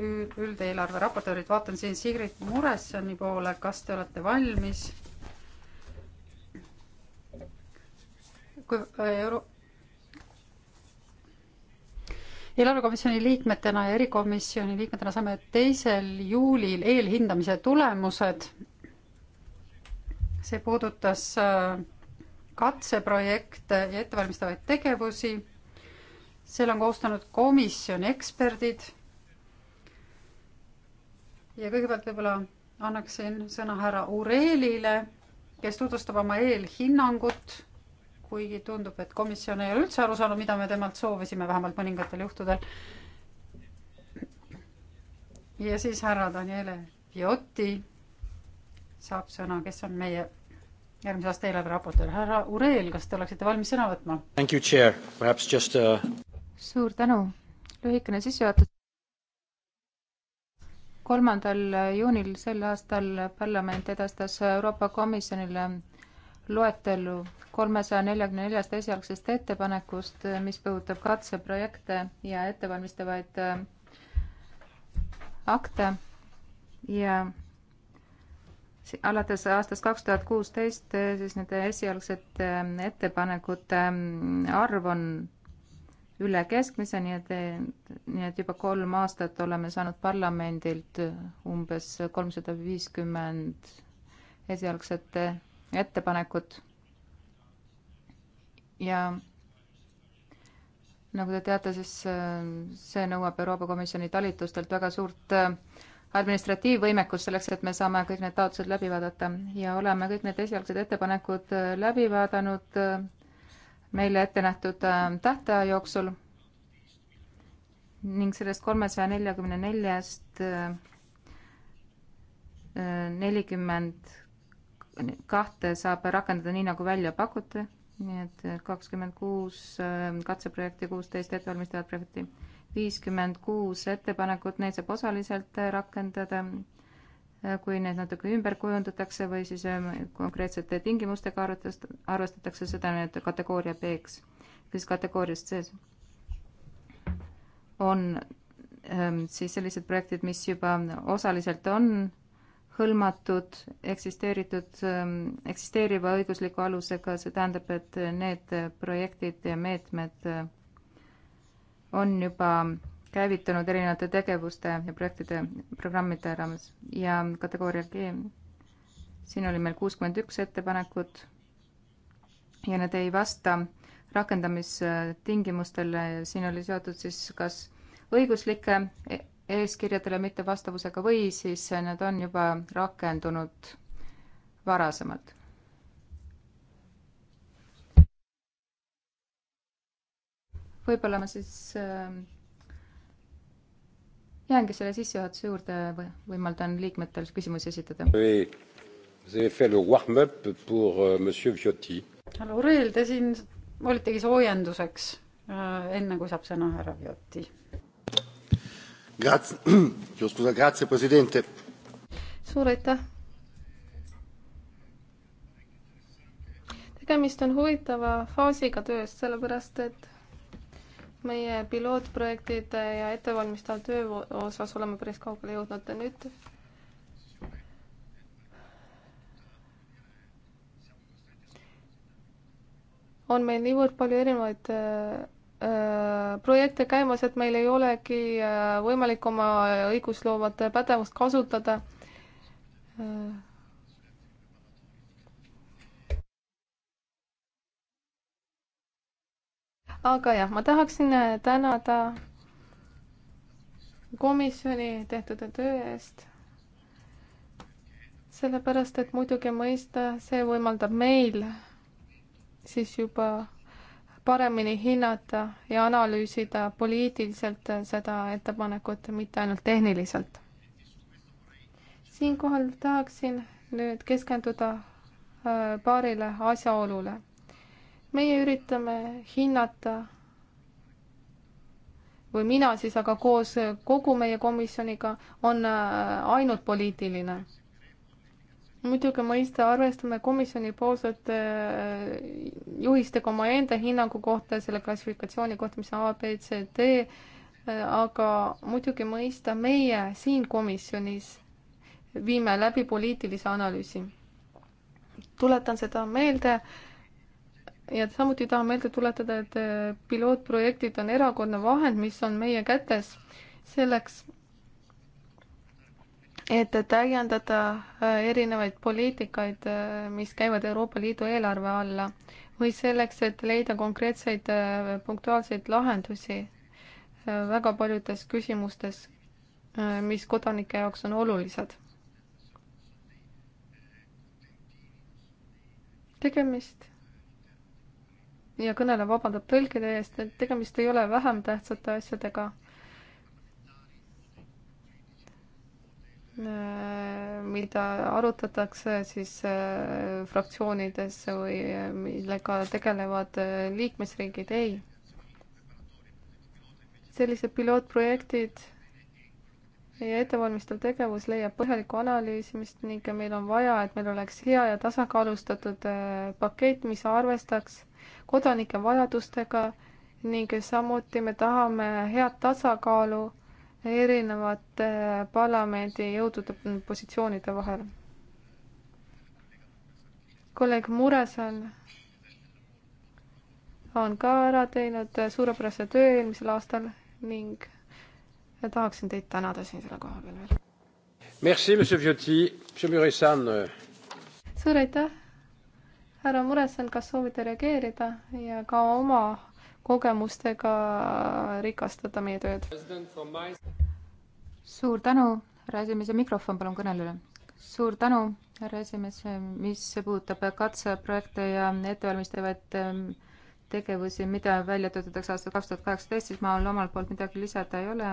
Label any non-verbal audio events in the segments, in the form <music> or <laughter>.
üldeelarve raportöörid, vaatan siin Sigrid Muressoni poole, kas te olete valmis? kui äh, euro-, eelarvekomisjoni liikmetena ja erikomisjoni liikmetena saame teisel juulil eelhindamise tulemused. see puudutas äh, katseprojekte ja ettevalmistavaid tegevusi. seal on koostanud komisjoni eksperdid ja kõigepealt võib-olla annaksin sõna härra Ureelile, kes tutvustab oma eelhinnangut, kuigi tundub, et komisjon ei ole üldse aru saanud, mida me temalt soovisime, vähemalt mõningatel juhtudel. ja siis härra Daniele Viotti saab sõna, kes on meie järgmise aasta eelarve raportöör. härra Ureel, kas te oleksite valmis sõna võtma? A... Uh, suur tänu, lühikene sissejuhatus kolmandal juunil sel aastal parlament edastas Euroopa Komisjonile loetelu kolmesaja neljakümne neljast esialgsest ettepanekust, mis puudutab katseprojekte ja ettevalmistavaid äh, akte ja alates aastast kaks tuhat kuusteist äh, siis nende esialgsete äh, ettepanekute arv on üle keskmise, nii et, nii et juba kolm aastat oleme saanud parlamendilt umbes kolmsada viiskümmend esialgset ettepanekut. ja nagu te teate, siis äh, see nõuab Euroopa Komisjoni talitustelt väga suurt äh, administratiivvõimekust selleks, et me saame kõik need taotlused läbi vaadata ja oleme kõik need esialgsed ettepanekud äh, läbi vaadanud meile ette nähtud ähm, tähtaja jooksul ning sellest kolmesaja neljakümne neljast äh, äh, nelikümmend kahte saab rakendada nii, nagu välja pakuti, nii et äh, kakskümmend kuus ähm, katseprojekti, kuusteist ettevalmistavat projekti, viiskümmend kuus ettepanekut, neid saab osaliselt rakendada Äh, kui need natuke ümber kujundatakse või siis ähm, konkreetsete tingimustega arvatast-, arvestatakse seda nüüd kategooria B-ks, siis kategooriast sees on ähm, siis sellised projektid, mis juba osaliselt on hõlmatud eksisteeritud, ähm, eksisteeriva õigusliku alusega, see tähendab, et need projektid ja meetmed äh, on juba käivitunud erinevate tegevuste ja projektide, programmide raames ja kategooria G. siin oli meil kuuskümmend üks ettepanekut ja need ei vasta rakendamistingimustele ja siin oli seotud siis kas õiguslike e-, eeskirjadele mittevastavusega või siis need on juba rakendunud varasemalt võib-olla ma siis äh, jäängi selle sissejuhatuse juurde või võimaldan liikmetel küsimusi esitada. härra euh, Ureel, te siin olitegi soojenduseks, äh, enne kui saab sõna härra Viotti. <clears throat> suur aitäh. tegemist on huvitava faasiga tööst, sellepärast et meie pilootprojektide ja ettevalmistava töö osas oleme päris kaugele jõudnud. nüüd on meil niivõrd palju erinevaid äh, äh, projekte käimas, et meil ei olegi äh, võimalik oma õigusloovat pädevust kasutada äh, aga jah, ma tahaksin äh, tänada komisjoni tehtud töö eest. sellepärast, et muidugi mõista, see võimaldab meil siis juba paremini hinnata ja analüüsida poliitiliselt seda ettepanekut, mitte ainult tehniliselt. siinkohal tahaksin nüüd keskenduda äh, paarile asjaolule meie üritame hinnata või mina siis aga koos kogu meie komisjoniga on äh, ainult poliitiline. muidugi mõista arvestame komisjoni poolsete äh, juhistega omaenda hinnangu kohta, selle klassifikatsiooni kohta, mis on A, B, C, D, äh, aga muidugi mõista meie siin komisjonis viime läbi poliitilise analüüsi. tuletan seda meelde ja samuti tahan meelde tuletada, et äh, pilootprojektid on erakordne vahend, mis on meie kätes selleks, et täiendada äh, erinevaid poliitikaid, äh, mis käivad Euroopa Liidu eelarve alla või selleks, et leida konkreetseid punktuaalseid lahendusi väga paljudes küsimustes, mis kodanike jaoks on olulised. tegemist ja kõneleja vabandab tõlkide eest, et tegemist ei ole vähem tähtsate asjadega. mida arutatakse siis äh, fraktsioonides või äh, millega tegelevad äh, liikmesriigid, ei. sellised pilootprojektid ja ettevalmistav tegevus leiab põhjalikku analüüsimist ning meil on vaja, et meil oleks hea ja tasakaalustatud pakett, mis arvestaks kodanike vajadustega ning samuti me tahame head tasakaalu erinevate parlamendijõudude positsioonide vahel. kolleeg Muresan on ka ära teinud suurepärase töö eelmisel aastal ning tahaksin teid tänada siin selle koha peal veel. Merci, monsieur Viotti, monsieur Muresan. Euh. suur aitäh härra Muresen, kas soovite reageerida ja ka oma kogemustega rikastada meie tööd? suur tänu, härra esimees ja mikrofon palun kõnelejale. suur tänu, härra esimees, mis puudutab katseprojekte ja ettevalmistavaid ähm, tegevusi, mida välja töötatakse aastal kaks tuhat kaheksateist, siis ma omalt poolt midagi lisada ei ole,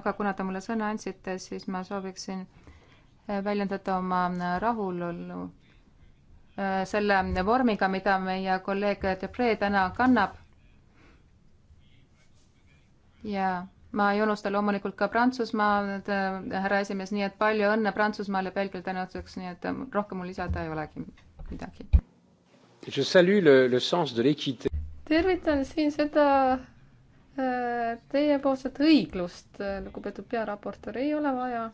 aga kuna te mulle sõna andsite, siis ma sooviksin äh, väljendada oma rahulolu Äh, selle vormiga, mida meie kolleeg Debre täna kannab. ja ma ei unusta loomulikult ka Prantsusmaad, äh, härra esimees, nii et palju õnne Prantsusmaale ja Belgiale täna õhtuseks, nii et äh, rohkem mul lisada ei olegi midagi. tervitan siin seda teiepoolset õiglust, lugupeetud pearaportöör, ei ole vaja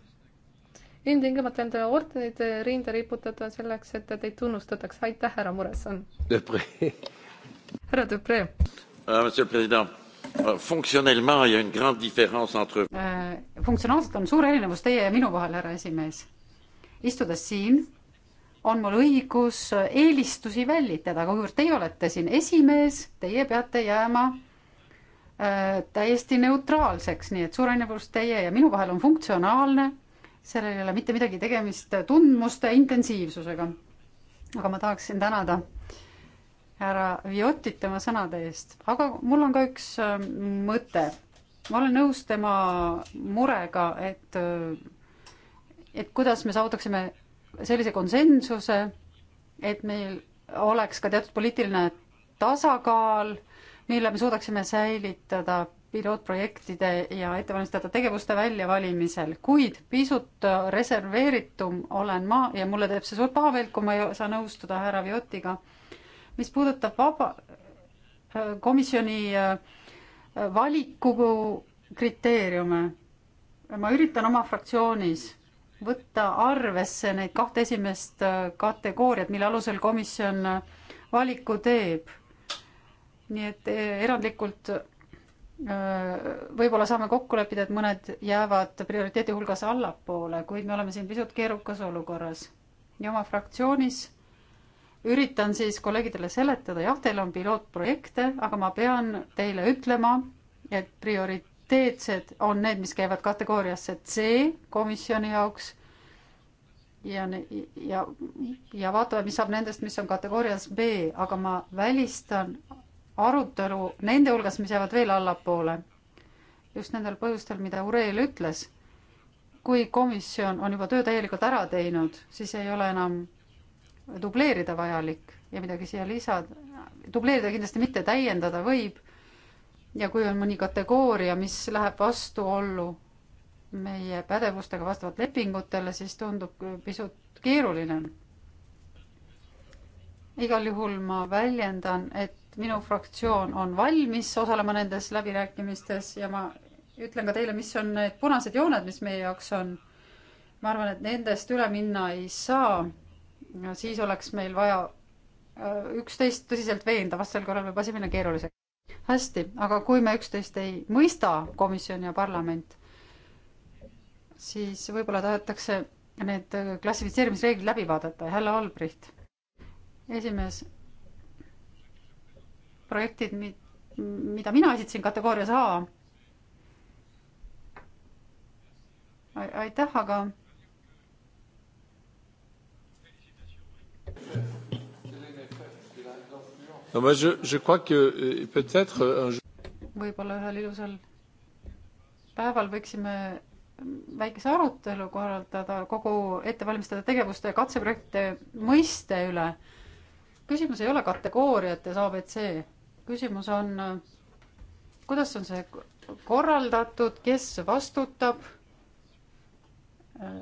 ilmtingimata enda ordenid rinda riputada selleks, et teid tunnustataks. aitäh, härra Muresson. härra Dupre. Euh, monsieur le Président, euh, fonctionnellement il y a une grande différence entre. Euh, funktsionaalselt on suur erinevus teie ja minu vahel, härra esimees. istudes siin, on mul õigus eelistusi välitada, aga kuivõrd teie olete siin esimees, teie peate jääma äh, täiesti neutraalseks, nii et suur erinevus teie ja minu vahel on funktsionaalne sellel ei ole mitte midagi tegemist tundmuste intensiivsusega. aga ma tahaksin tänada härra Viotit tema sõnade eest, aga mul on ka üks äh, mõte. ma olen nõus tema murega, et, äh, et kuidas me saavutaksime sellise konsensuse, et meil oleks ka teatud poliitiline tasakaal, mille me suudaksime säilitada pilootprojektide ja ettevalmistatud tegevuste väljavalimisel, kuid pisut reserveeritum olen ma ja mulle teeb see suurt pahameelt, kui ma ei saa nõustuda härra Viotiga. mis puudutab vaba, äh, komisjoni äh, valiku kriteeriume, ma üritan oma fraktsioonis võtta arvesse neid kahte esimest äh, kategooriat, mille alusel komisjon valiku teeb. nii et erandlikult võib-olla saame kokku leppida, et mõned jäävad prioriteedi hulgas allapoole, kuid me oleme siin pisut keerukas olukorras. ja oma fraktsioonis üritan siis kolleegidele seletada, jah, teil on pilootprojekte, aga ma pean teile ütlema, et prioriteetsed on need, mis käivad kategooriasse C komisjoni jaoks ja, ja, ja vaatame, mis saab nendest, mis on kategoorias B, aga ma välistan arutelu nende hulgas, mis jäävad veel allapoole. just nendel põhjustel, mida Ureel ütles. kui komisjon on juba töö täielikult ära teinud, siis ei ole enam dubleerida vajalik ja midagi siia lisada. dubleerida kindlasti mitte, täiendada võib. ja kui on mõni kategooria, mis läheb vastuollu meie pädevustega vastavalt lepingutele, siis tundub pisut keeruline. igal juhul ma väljendan, et minu fraktsioon on valmis osalema nendes läbirääkimistes ja ma ütlen ka teile, mis on need punased jooned, mis meie jaoks on. ma arvan, et nendest üle minna ei saa. siis oleks meil vaja äh, üksteist tõsiselt veenda, vastasel korral võib asi minna keeruliseks. hästi, aga kui me üksteist ei mõista, komisjon ja parlament, siis võib-olla tahetakse need klassifitseerimisreeglid läbi vaadata. härra Albrecht, esimees projektid, mida mina esitasin kategoorias A. aitäh, aga. no ma, je, je crois que euh, peut-être euh, un võib-olla ühel ilusal päeval võiksime väikese arutelu korraldada kogu ettevalmistada tegevuste ja katseprojektide mõiste üle. küsimus ei ole kategooriates abc küsimus on, kuidas on see korraldatud, kes vastutab äh,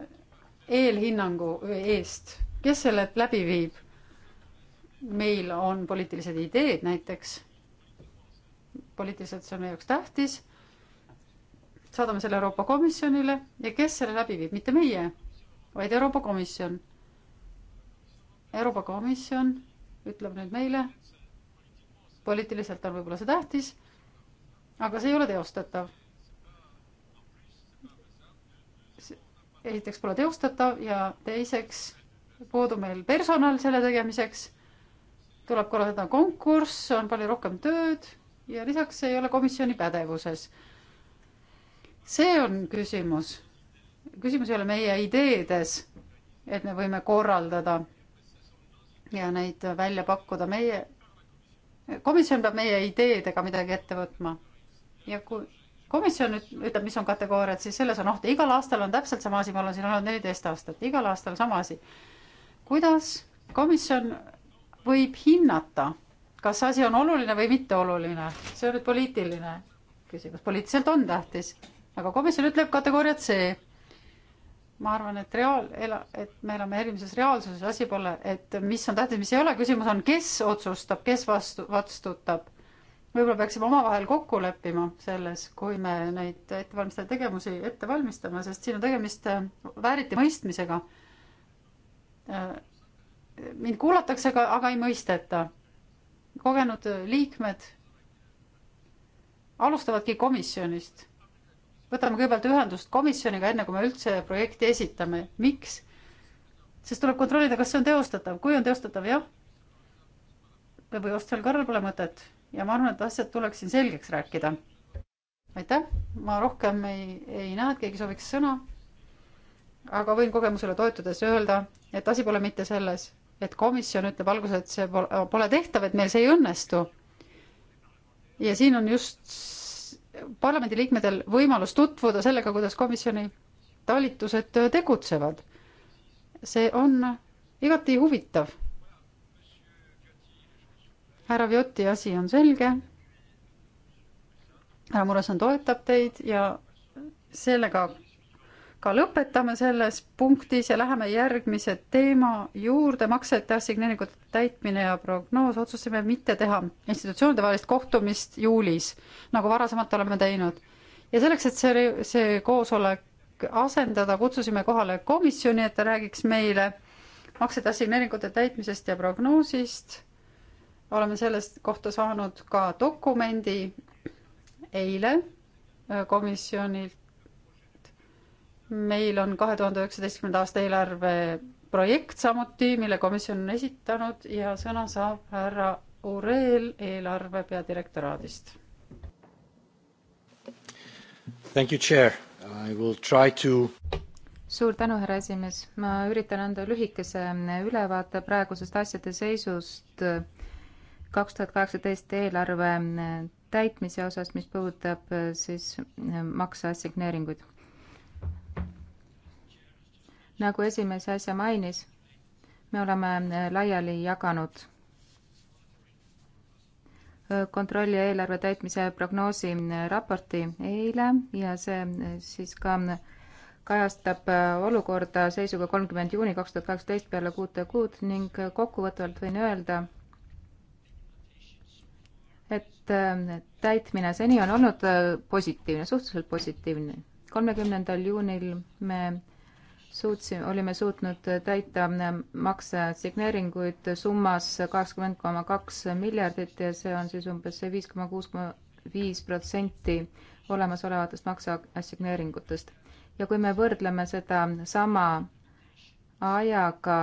eelhinnangu eest, kes selle läbi viib? meil on poliitilised ideed näiteks, poliitiliselt see on meie jaoks tähtis, saadame selle Euroopa Komisjonile ja kes selle läbi viib, mitte meie, vaid Euroopa Komisjon. Euroopa Komisjon ütleb nüüd meile, poliitiliselt on võib-olla see tähtis, aga see ei ole teostatav. esiteks pole teostatav ja teiseks puudub meil personal selle tegemiseks, tuleb korraldada konkurss, on palju rohkem tööd ja lisaks ei ole komisjoni pädevuses. see on küsimus. küsimus ei ole meie ideedes, et me võime korraldada ja neid välja pakkuda, meie komisjon peab meie ideedega midagi ette võtma. ja kui komisjon nüüd ütleb, mis on kategooriad, siis selles on oht. igal aastal on täpselt sama asi, ma olen siin olnud neliteist aastat, igal aastal sama asi. kuidas komisjon võib hinnata, kas asi on oluline või mitteoluline, see on nüüd poliitiline küsimus, poliitiliselt on tähtis, aga komisjon ütleb kategooriat C ma arvan, et reaal, et me elame eelmises reaalsuses, asi pole, et mis on tähtis, mis ei ole, küsimus on, kes otsustab, kes vastu, vastutab. võib-olla peaksime omavahel kokku leppima selles, kui me neid ettevalmistajaid tegevusi ette valmistame, sest siin on tegemist äh, vääriti mõistmisega. Äh, mind kuulatakse, aga, aga ei mõisteta. kogenud liikmed alustavadki komisjonist võtame kõigepealt ühendust komisjoniga, enne kui me üldse projekti esitame. miks? sest tuleb kontrollida, kas see on teostatav, kui on teostatav, jah, või ostjal korral pole mõtet ja ma arvan, et asjad tuleks siin selgeks rääkida. aitäh, ma rohkem ei, ei näe, et keegi sooviks sõna. aga võin kogemusele toetudes öelda, et asi pole mitte selles, et komisjon ütleb alguses, et see pole, pole tehtav, et meil see ei õnnestu. ja siin on just parlamendiliikmetel võimalus tutvuda sellega, kuidas komisjoni talitused tegutsevad. see on igati huvitav. härra Vjoti asi on selge. härra Murasson toetab teid ja sellega ka lõpetame selles punktis ja läheme järgmise teema juurde, maksete assigneeringute täitmine ja prognoos, otsustasime mitte teha institutsioonide vahelist kohtumist juulis, nagu varasemalt oleme teinud. ja selleks, et see, see koosolek asendada, kutsusime kohale komisjoni, et ta räägiks meile maksete assigneeringute täitmisest ja prognoosist. oleme sellest kohta saanud ka dokumendi eile äh, komisjonilt meil on kahe tuhande üheksateistkümnenda aasta eelarve projekt samuti, mille komisjon on esitanud ja sõna saab härra Ureel eelarve peadirektoraadist. Thank you, chair. I will try to suur tänu, härra esimees. ma üritan anda lühikese ülevaate praegusest asjade seisust kaks tuhat kaheksateist eelarve täitmise osas, mis puudutab eh, siis eh, makseassigneeringuid nagu esimees äsja mainis, me oleme äh, laiali jaganud äh, kontrolli eelarve täitmise prognoosi äh, raporti eile ja see siis ka kajastab olukorda seisuga kolmkümmend juuni kaks tuhat kaheksateist peale kuute kuud ning kokkuvõtvalt võin öelda, et täitmine seni on olnud positiivne, suhteliselt positiivne. kolmekümnendal juunil me suutsime, olime suutnud täita maksesigneeringuid summas kakskümmend koma kaks miljardit ja see on siis umbes see viis koma kuus koma viis protsenti olemasolevatest makseassigneeringutest. ja kui me võrdleme seda sama ajaga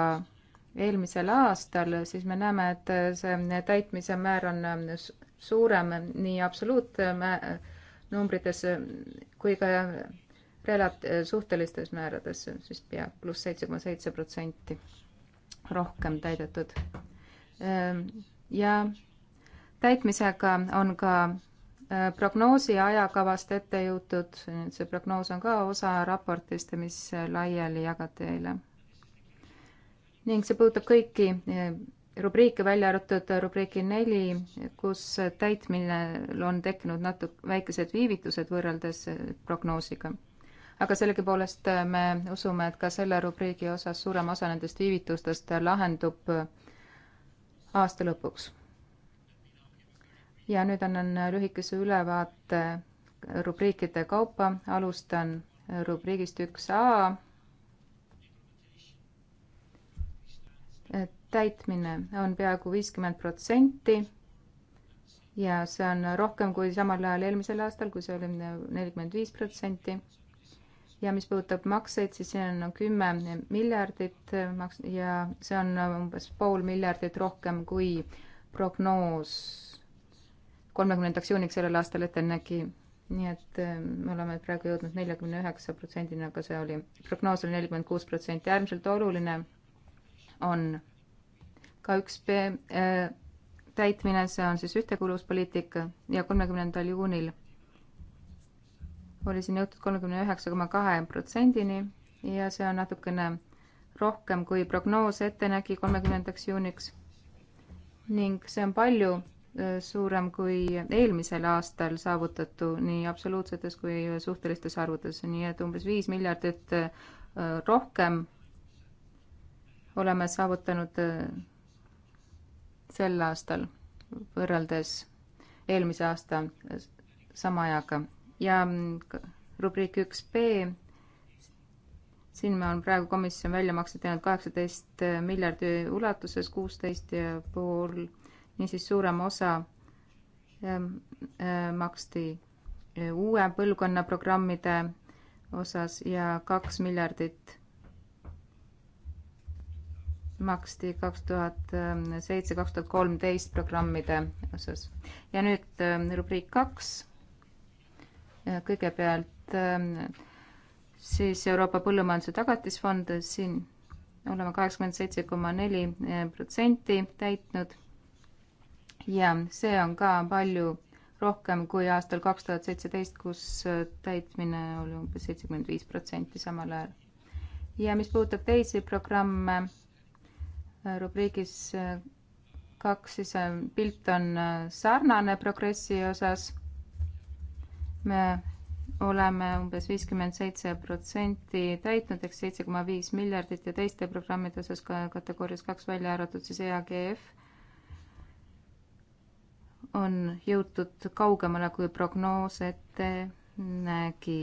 eelmisel aastal, siis me näeme, et see täitmise määr on suurem nii absoluutnumbrites kui ka relab-, suhtelistes määrades, siis pea pluss seitse koma seitse protsenti rohkem täidetud. Ehm, ja täitmisega on ka ehm, prognoosi ajakavast ette jõutud, see prognoos on ka osa raportist, mis laiali jagati eile. ning see puudutab kõiki ehm, rubriike, välja arvatud rubriiki neli, kus täitminel on tekkinud natuke väikesed viivitused võrreldes eh, prognoosiga aga sellegipoolest äh, me usume, et ka selle rubriigi osas suurem osa nendest viivitustest lahendub äh, aasta lõpuks. ja nüüd annan lühikese ülevaate rubriikide kaupa, alustan rubriigist üks A. täitmine on peaaegu viiskümmend protsenti ja see on rohkem kui samal ajal eelmisel aastal, kui see oli nelikümmend viis protsenti ja mis puudutab makseid, siis see on kümme miljardit maks- ja see on umbes pool miljardit rohkem kui prognoos kolmekümnendaks juuniks sellel aastal ette nägi. nii et eh, me oleme praegu jõudnud neljakümne üheksa protsendini, aga see oli, prognoos oli nelikümmend kuus protsenti, äärmiselt oluline on ka üks B äh, eh, täitmine, see on siis ühtekuuluvuspoliitika ja kolmekümnendal juunil oli siin jõutud kolmekümne üheksa koma kahe protsendini ja see on natukene rohkem, kui prognoos ette nägi kolmekümnendaks juuniks. ning see on palju suurem kui eelmisel aastal saavutatu nii absoluutsetes kui suhtelistes arvudes, nii et umbes viis miljardit rohkem oleme saavutanud sel aastal võrreldes eelmise aasta sama ajaga ja mm, rubriik üks B, siin on praegu komisjon väljamakse teinud kaheksateist äh, miljardi ulatuses, kuusteist ja pool, niisiis suurem osa ähm, äh, maksti äh, uue põlvkonna programmide osas ja kaks miljardit maksti kaks tuhat ähm, seitse, kaks tuhat kolmteist programmide osas. ja nüüd ähm, rubriik kaks kõigepealt ähm, siis Euroopa Põllumajanduse Tagatisfond, siin oleme kaheksakümmend seitse koma neli protsenti täitnud ja see on ka palju rohkem kui aastal kaks tuhat seitseteist, kus äh, täitmine oli umbes seitsekümmend viis protsenti samal ajal. ja mis puudutab teisi programme, äh, rubriigis äh, kaks, siis pilt on sarnane progressi osas me oleme umbes viiskümmend seitse protsenti täitnud ehk seitse koma viis miljardit ja teiste programmide osas ka kategoorias kaks välja arvatud siis EAGF on jõutud kaugemale, kui prognoos ette nägi.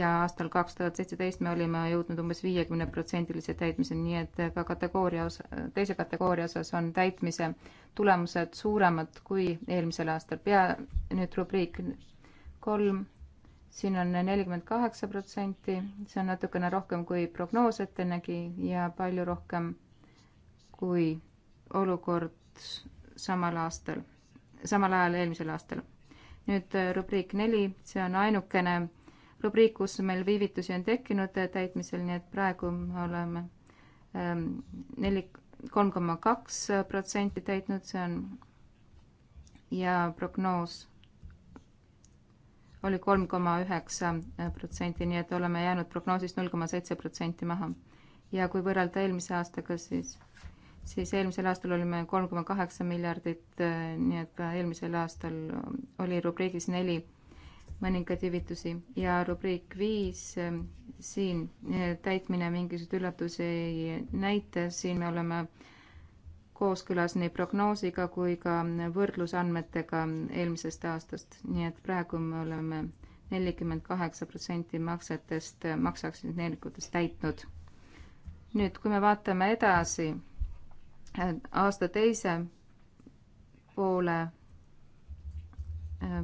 ja aastal kaks tuhat seitseteist me olime jõudnud umbes viiekümneprotsendilise täitmiseni, nii et ka kategooria osa, teise kategooria osas on täitmise tulemused suuremad kui eelmisel aastal. pea nüüd rubriik kolm, siin on nelikümmend kaheksa protsenti, see on natukene rohkem kui prognoos ette nägi ja palju rohkem kui olukord samal aastal, samal ajal eelmisel aastal. nüüd äh, rubriik neli, see on ainukene rubriik, kus meil viivitusi on tekkinud äh, täitmisel, nii et praegu oleme ähm, neli, kolm koma kaks äh, protsenti täitnud, see on ja prognoos oli kolm koma üheksa protsenti, nii et oleme jäänud prognoosist null koma seitse protsenti maha. ja kui võrrelda eelmise aastaga, siis, siis eelmisel aastal olime kolm koma kaheksa miljardit, nii et ka eelmisel aastal oli rubriigis neli mõningaid hüvitusi ja rubriik viis siin täitmine mingisuguseid üllatusi ei näita, siin me oleme äh, kooskõlas nii prognoosiga kui ka võrdlusandmetega eelmisest aastast, nii et praegu me oleme nelikümmend kaheksa protsenti maksetest, maksaksinteeringutest täitnud. nüüd, kui me vaatame edasi aasta teise poole eh,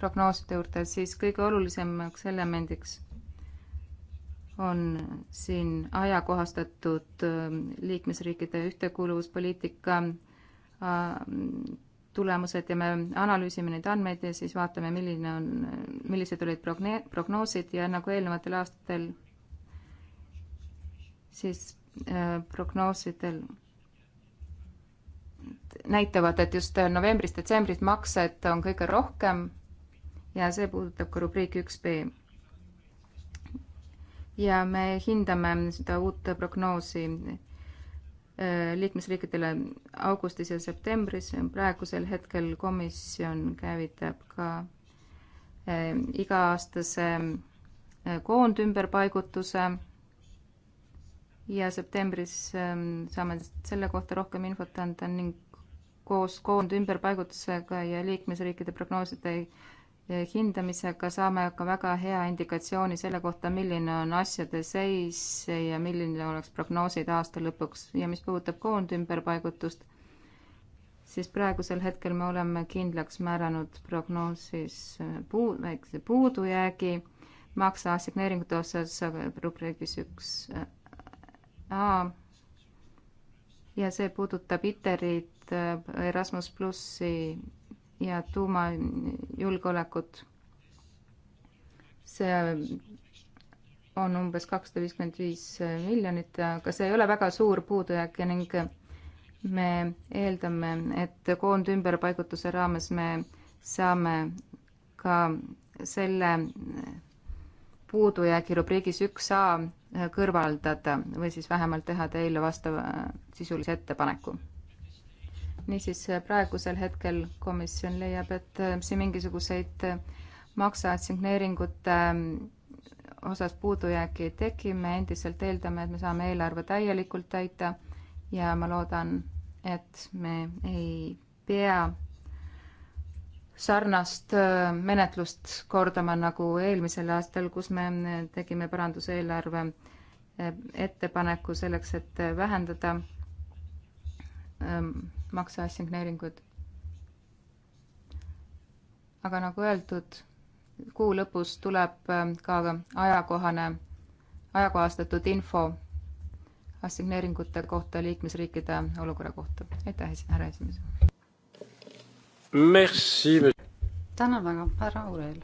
prognooside juurde, siis kõige olulisemaks elemendiks on siin ajakohastatud ähm, liikmesriikide ühtekuuluvuspoliitika ähm, tulemused ja me analüüsime neid andmeid ja siis vaatame, milline on, millised olid progne-, prognoosid ja nagu eelnevatel aastatel, siis äh, prognoosidel näitavad, et just novembris-detsembris maksed on kõige rohkem ja see puudutab ka rubriiki üks B ja me hindame seda uut prognoosi äh, liikmesriikidele augustis ja septembris. praegusel hetkel komisjon käivitab ka äh, iga-aastase äh, koondümberpaigutuse ja septembris ähm, saame selle kohta rohkem infot anda ning koos koondümberpaigutusega ja liikmesriikide prognooside hindamisega saame ka väga hea indikatsiooni selle kohta, milline on asjade seis ja milline oleks prognoosid aasta lõpuks ja mis puudutab koondümberpaigutust, siis praegusel hetkel me oleme kindlaks määranud prognoosis puu, väikese puudujäägi makseassigneeringute osas rubriigis üks A. ja see puudutab ITER-it, Erasmus plussi ja tuumajulgeolekut. see on umbes kakssada viiskümmend viis miljonit, aga see ei ole väga suur puudujääk ja ning me eeldame, et koondümberpaigutuse raames me saame ka selle puudujäägi rubriigis üks A kõrvaldada või siis vähemalt teha teile vastava sisulise ettepaneku niisiis praegusel hetkel komisjon leiab, et äh, siin mingisuguseid äh, makseassigneeringute äh, osas puudujääki ei teki, me endiselt eeldame, et me saame eelarve täielikult täita ja ma loodan, et me ei pea sarnast menetlust kordama nagu eelmisel aastal, kus me tegime paranduseelarve ettepaneku selleks, et vähendada ähm, makseassigneeringud. aga nagu öeldud, kuu lõpus tuleb ähm, ka ajakohane, ajakohastatud info assigneeringute kohta liikmesriikide olukorra kohta. aitäh, härra esimees! Merci. tänan väga, härra Aurel.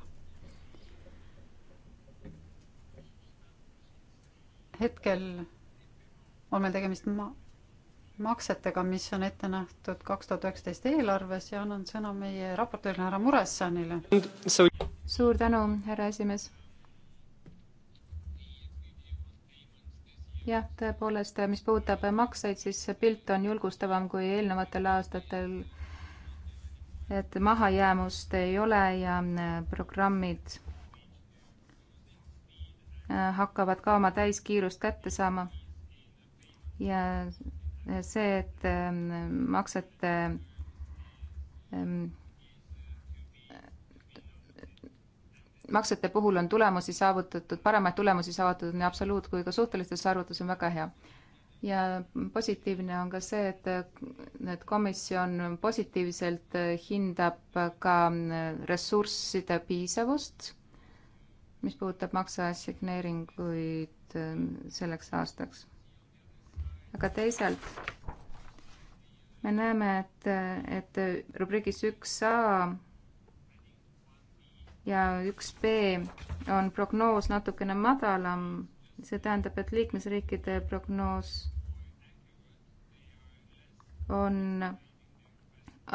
hetkel on meil tegemist ma-, maksetega, mis on ette nähtud kaks tuhat üheksateist eelarves ja annan sõna meie raportöörile härra Muressanile. suur tänu, härra esimees. jah, tõepoolest, mis puudutab makseid, siis see pilt on julgustavam kui eelnevatel aastatel. et mahajäämust ei ole ja programmid hakkavad ka oma täiskiirust kätte saama ja see, et ähm, maksete ähm, maksete puhul on tulemusi saavutatud, paremaid tulemusi saavutatud nii absoluut- kui ka suhtelistes arvutus on väga hea. ja positiivne on ka see, et, et komisjon positiivselt äh, hindab ka äh, ressursside piisavust, mis puudutab makseassigneeringuid ähm, selleks aastaks aga teisalt me näeme, et, et rubriigis üks A ja üks B on prognoos natukene madalam, see tähendab, et liikmesriikide prognoos on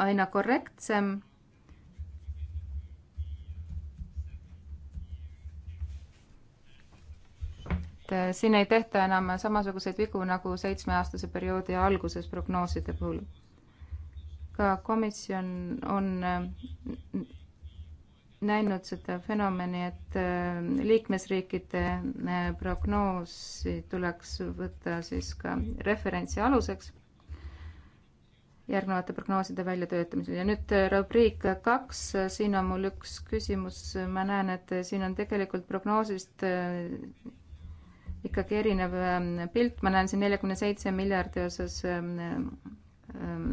aina korrektsem et äh, siin ei tehta enam samasuguseid vigu nagu seitsmeaastase perioodi alguses prognooside puhul. ka komisjon on äh, näinud seda fenomeni, et äh, liikmesriikide prognoosi tuleks võtta siis ka referentsi aluseks järgnevate prognooside väljatöötamisel ja nüüd rubriik kaks, siin on mul üks küsimus, ma näen, et siin on tegelikult prognoosist ikkagi erinev ähm, pilt, ma näen siin neljakümne seitse miljardi osas ähm, ähm,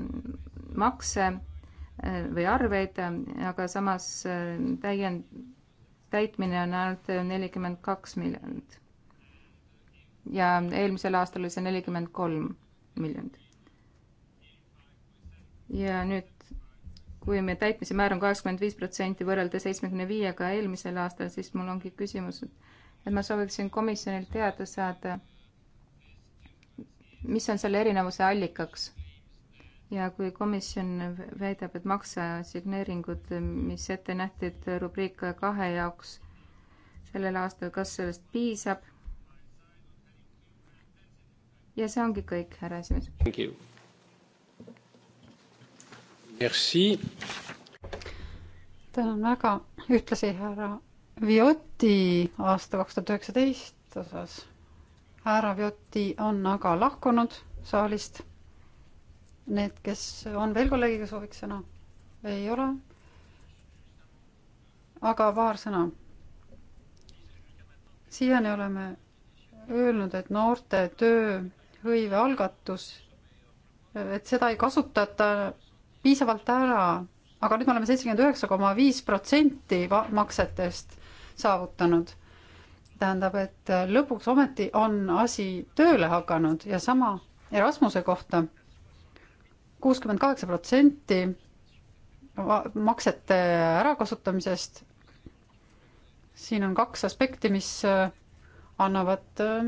makse äh, või arveid, äh, aga samas äh, täiend-, täitmine on ainult nelikümmend kaks miljonit. ja eelmisel aastal oli see nelikümmend kolm miljonit. ja nüüd kui meie täitmise määr on kaheksakümmend viis protsenti võrreldes seitsmekümne viiega eelmisel aastal, siis mul ongi küsimus, et et ma sooviksin komisjonilt teada saada, mis on selle erinevuse allikaks. ja kui komisjon väidab, et makseassigneeringud, mis ette nähtid rubriik kahe jaoks sellel aastal, kas sellest piisab? ja see ongi kõik, härra esimees. tänan väga, ühtlasi härra Viotti aasta kaks tuhat üheksateist osas. härra Viotti on aga lahkunud saalist. Need, kes on veel kolleegiga sooviks sõna, ei ole. aga paar sõna. siiani oleme öelnud, et noorte tööhõive algatus, et seda ei kasutata piisavalt ära, aga nüüd me oleme seitsekümmend üheksa koma viis protsenti maksetest saavutanud. tähendab, et lõpuks ometi on asi tööle hakanud ja sama Erasmuse kohta kuuskümmend kaheksa protsenti maksete ärakasutamisest. siin on kaks aspekti, mis äh, annavad äh,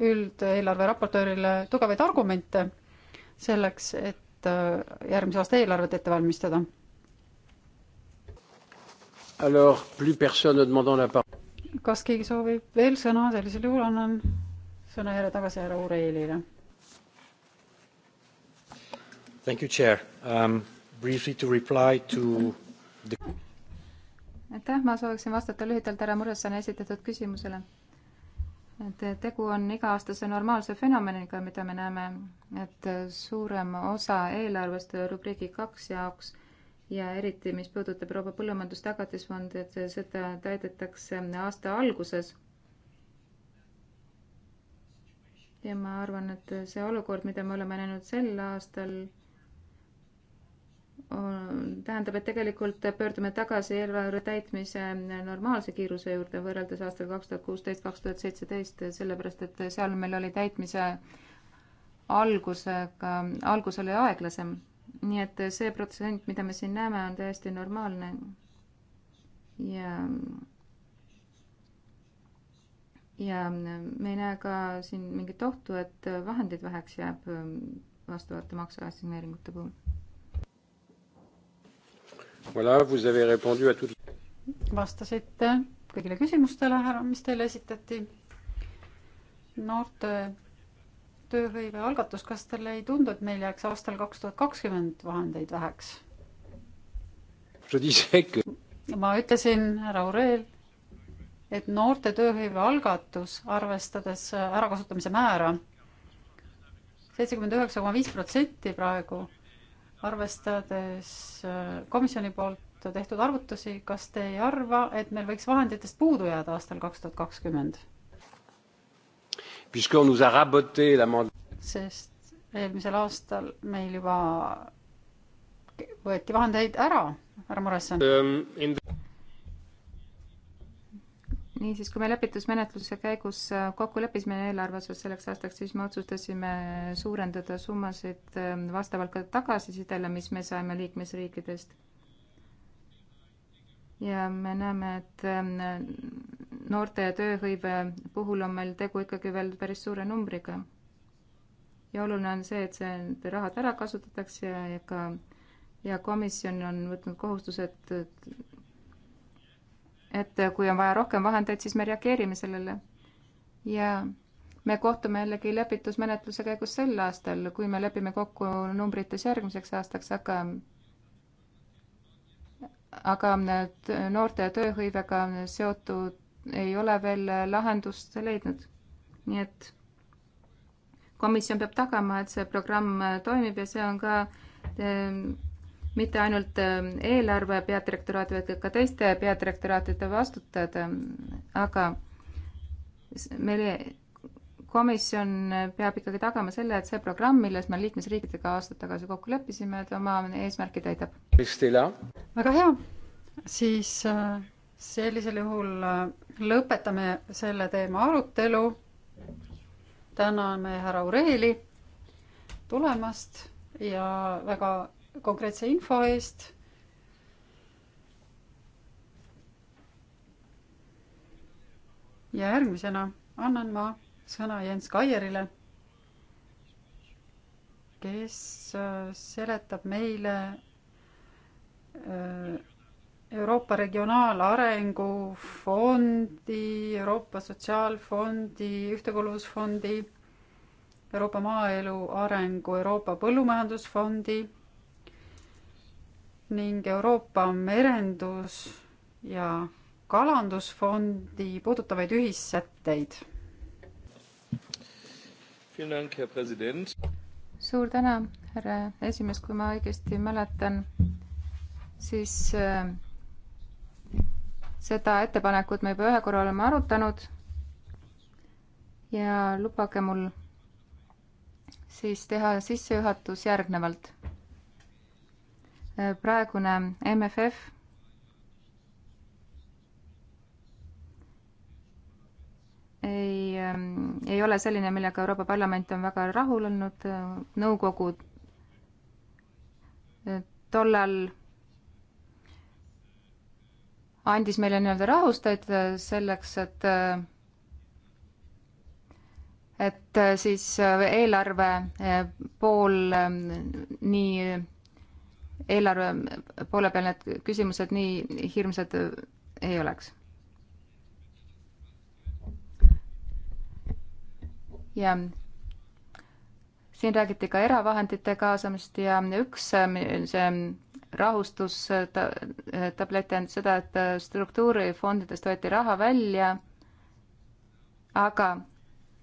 üldeelarve raportöörile tugevaid argumente selleks, et äh, järgmise aasta eelarvet ette valmistada kas keegi soovib veel sõna, sellisel juhul annan sõna jälle tagasi härra Ureilile. Thank you, chair um,. Briefly to reply to the aitäh, ma sooviksin vastata lühidalt härra Murjassani esitatud küsimusele. et tegu on iga-aastase normaalse fenomeniga, mida me näeme, et suurem osa eelarvest rubriigi kaks jaoks ja eriti, mis puudutab Euroopa Põllumajandustagatisfondi, et seda täidetakse aasta alguses. ja ma arvan, et see olukord, mida me oleme näinud sel aastal, tähendab, et tegelikult pöördume tagasi eelarve täitmise normaalse kiiruse juurde võrreldes aastal kaks tuhat kuusteist, kaks tuhat seitseteist, sellepärast et seal meil oli täitmise algusega, algus oli aeglasem nii et see protsent, mida me siin näeme, on täiesti normaalne. ja, ja me ei näe ka siin mingit ohtu, et vahendeid väheks jääb ähm, vastavate makseassigneeringute puhul. Voilà, vous avez répondu à toutes vastasite kõigile küsimustele, härra, mis teile esitati. noorte tööhõive algatus, kas teile ei tundu, et meil jääks aastal kaks tuhat kakskümmend vahendeid väheks? ma ütlesin, härra Ureel, et noorte tööhõive algatus, arvestades ärakasutamise määra, seitsekümmend üheksa koma viis protsenti praegu, arvestades äh, komisjoni poolt tehtud arvutusi, kas te ei arva, et meil võiks vahenditest puudu jääda aastal kaks tuhat kakskümmend? puisqu'on nous a raboté la mandat. sest eelmisel aastal meil juba võeti vahendeid ära, härra Muresson um,. The... niisiis, kui me lepitusmenetluse käigus äh, kokku leppisime eelarve osas selleks aastaks, siis me otsustasime suurendada summasid ähm, vastavalt ka tagasisidele, mis me saime liikmesriikidest. ja me näeme, et ähm, noorte tööhõive puhul on meil tegu ikkagi veel päris suure numbriga. ja oluline on see, et see, need rahad ära kasutatakse ja, ja ka, ja komisjon on võtnud kohustused, et kui on vaja rohkem vahendeid, siis me reageerime sellele. ja me kohtume jällegi lepitusmenetluse käigus sel aastal, kui me lepime kokku numbrites järgmiseks aastaks, aga aga noorte tööhõivega seotud ei ole veel äh, lahendust leidnud. nii et komisjon peab tagama, et see programm äh, toimib ja see on ka ähm, mitte ainult ähm, eelarve peadirektoraadi, vaid ka teiste peadirektoraatide vastutada, ähm, aga meie komisjon äh, peab ikkagi tagama selle, et see programm, milles me liikmesriikidega aastaid tagasi kokku leppisime, et oma eesmärki täidab. väga hea, siis sellisel juhul lõpetame selle teema arutelu. täname härra Ureeli tulemast ja väga konkreetse info eest. ja järgmisena annan ma sõna Jens Kaierile, kes äh, seletab meile öö, äh, Euroopa Regionaalarengu Fondi, Euroopa Sotsiaalfondi, Ühtekuuluvusfondi, Euroopa Maaelu Arengu, Euroopa Põllumajandusfondi ning Euroopa Merendus- ja Kalandusfondi puudutavaid ühissätteid. suur tänu, härra esimees, kui ma õigesti mäletan, siis äh, seda ettepanekut me juba ühe korra oleme arutanud ja lubage mul siis teha sissejuhatus järgnevalt. praegune MFF ei, ei ole selline, millega Euroopa Parlament on väga rahul olnud, nõukogu tollal andis meile nii-öelda rahustajaid äh, selleks, et äh, et äh, siis eelarve pool ähm, nii, eelarve poole peal need küsimused nii hirmsad ei oleks. ja siin räägiti ka eravahendite kaasamist ja üks see rahustustablett tähendab seda, et struktuurifondidest võeti raha välja, aga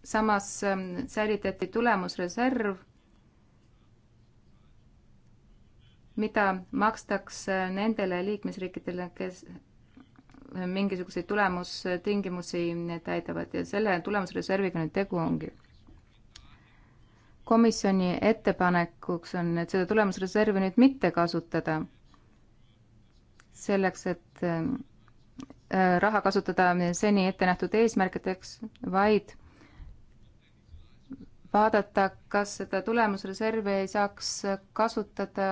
samas ähm, säilitati tulemusreserv, mida makstakse nendele liikmesriikidele, kes mingisuguseid tulemustingimusi täidavad ja selle tulemusreserviga nüüd tegu ongi komisjoni ettepanekuks on, et seda tulemusreservi nüüd mitte kasutada, selleks, et äh, raha kasutada seni ette nähtud eesmärkideks, vaid vaadata, kas seda tulemusreservi ei saaks kasutada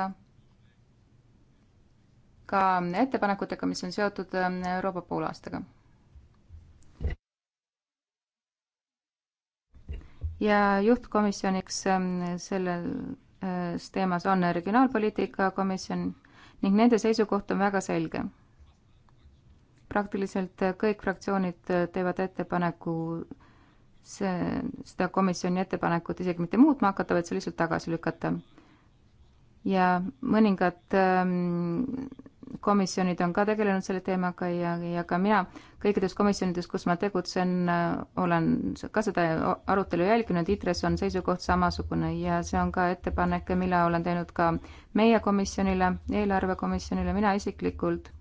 ka ettepanekutega, mis on seotud äh, Euroopa poolaastaga ja juhtkomisjoniks ähm, selles äh, teemas on Regionaalpoliitika Komisjon ning nende seisukoht on väga selge. praktiliselt äh, kõik fraktsioonid äh, teevad ettepaneku see, seda komisjoni ettepanekut isegi mitte muutma hakata, vaid see lihtsalt tagasi lükata. ja mõningad ähm, komisjonid on ka tegelenud selle teemaga ja, ja ka mina kõikides komisjonides, kus ma tegutsen, olen ka seda arutelu jälginud, ITRES on seisukoht samasugune ja see on ka ettepanek, mille olen teinud ka meie komisjonile, eelarvekomisjonile, mina isiklikult.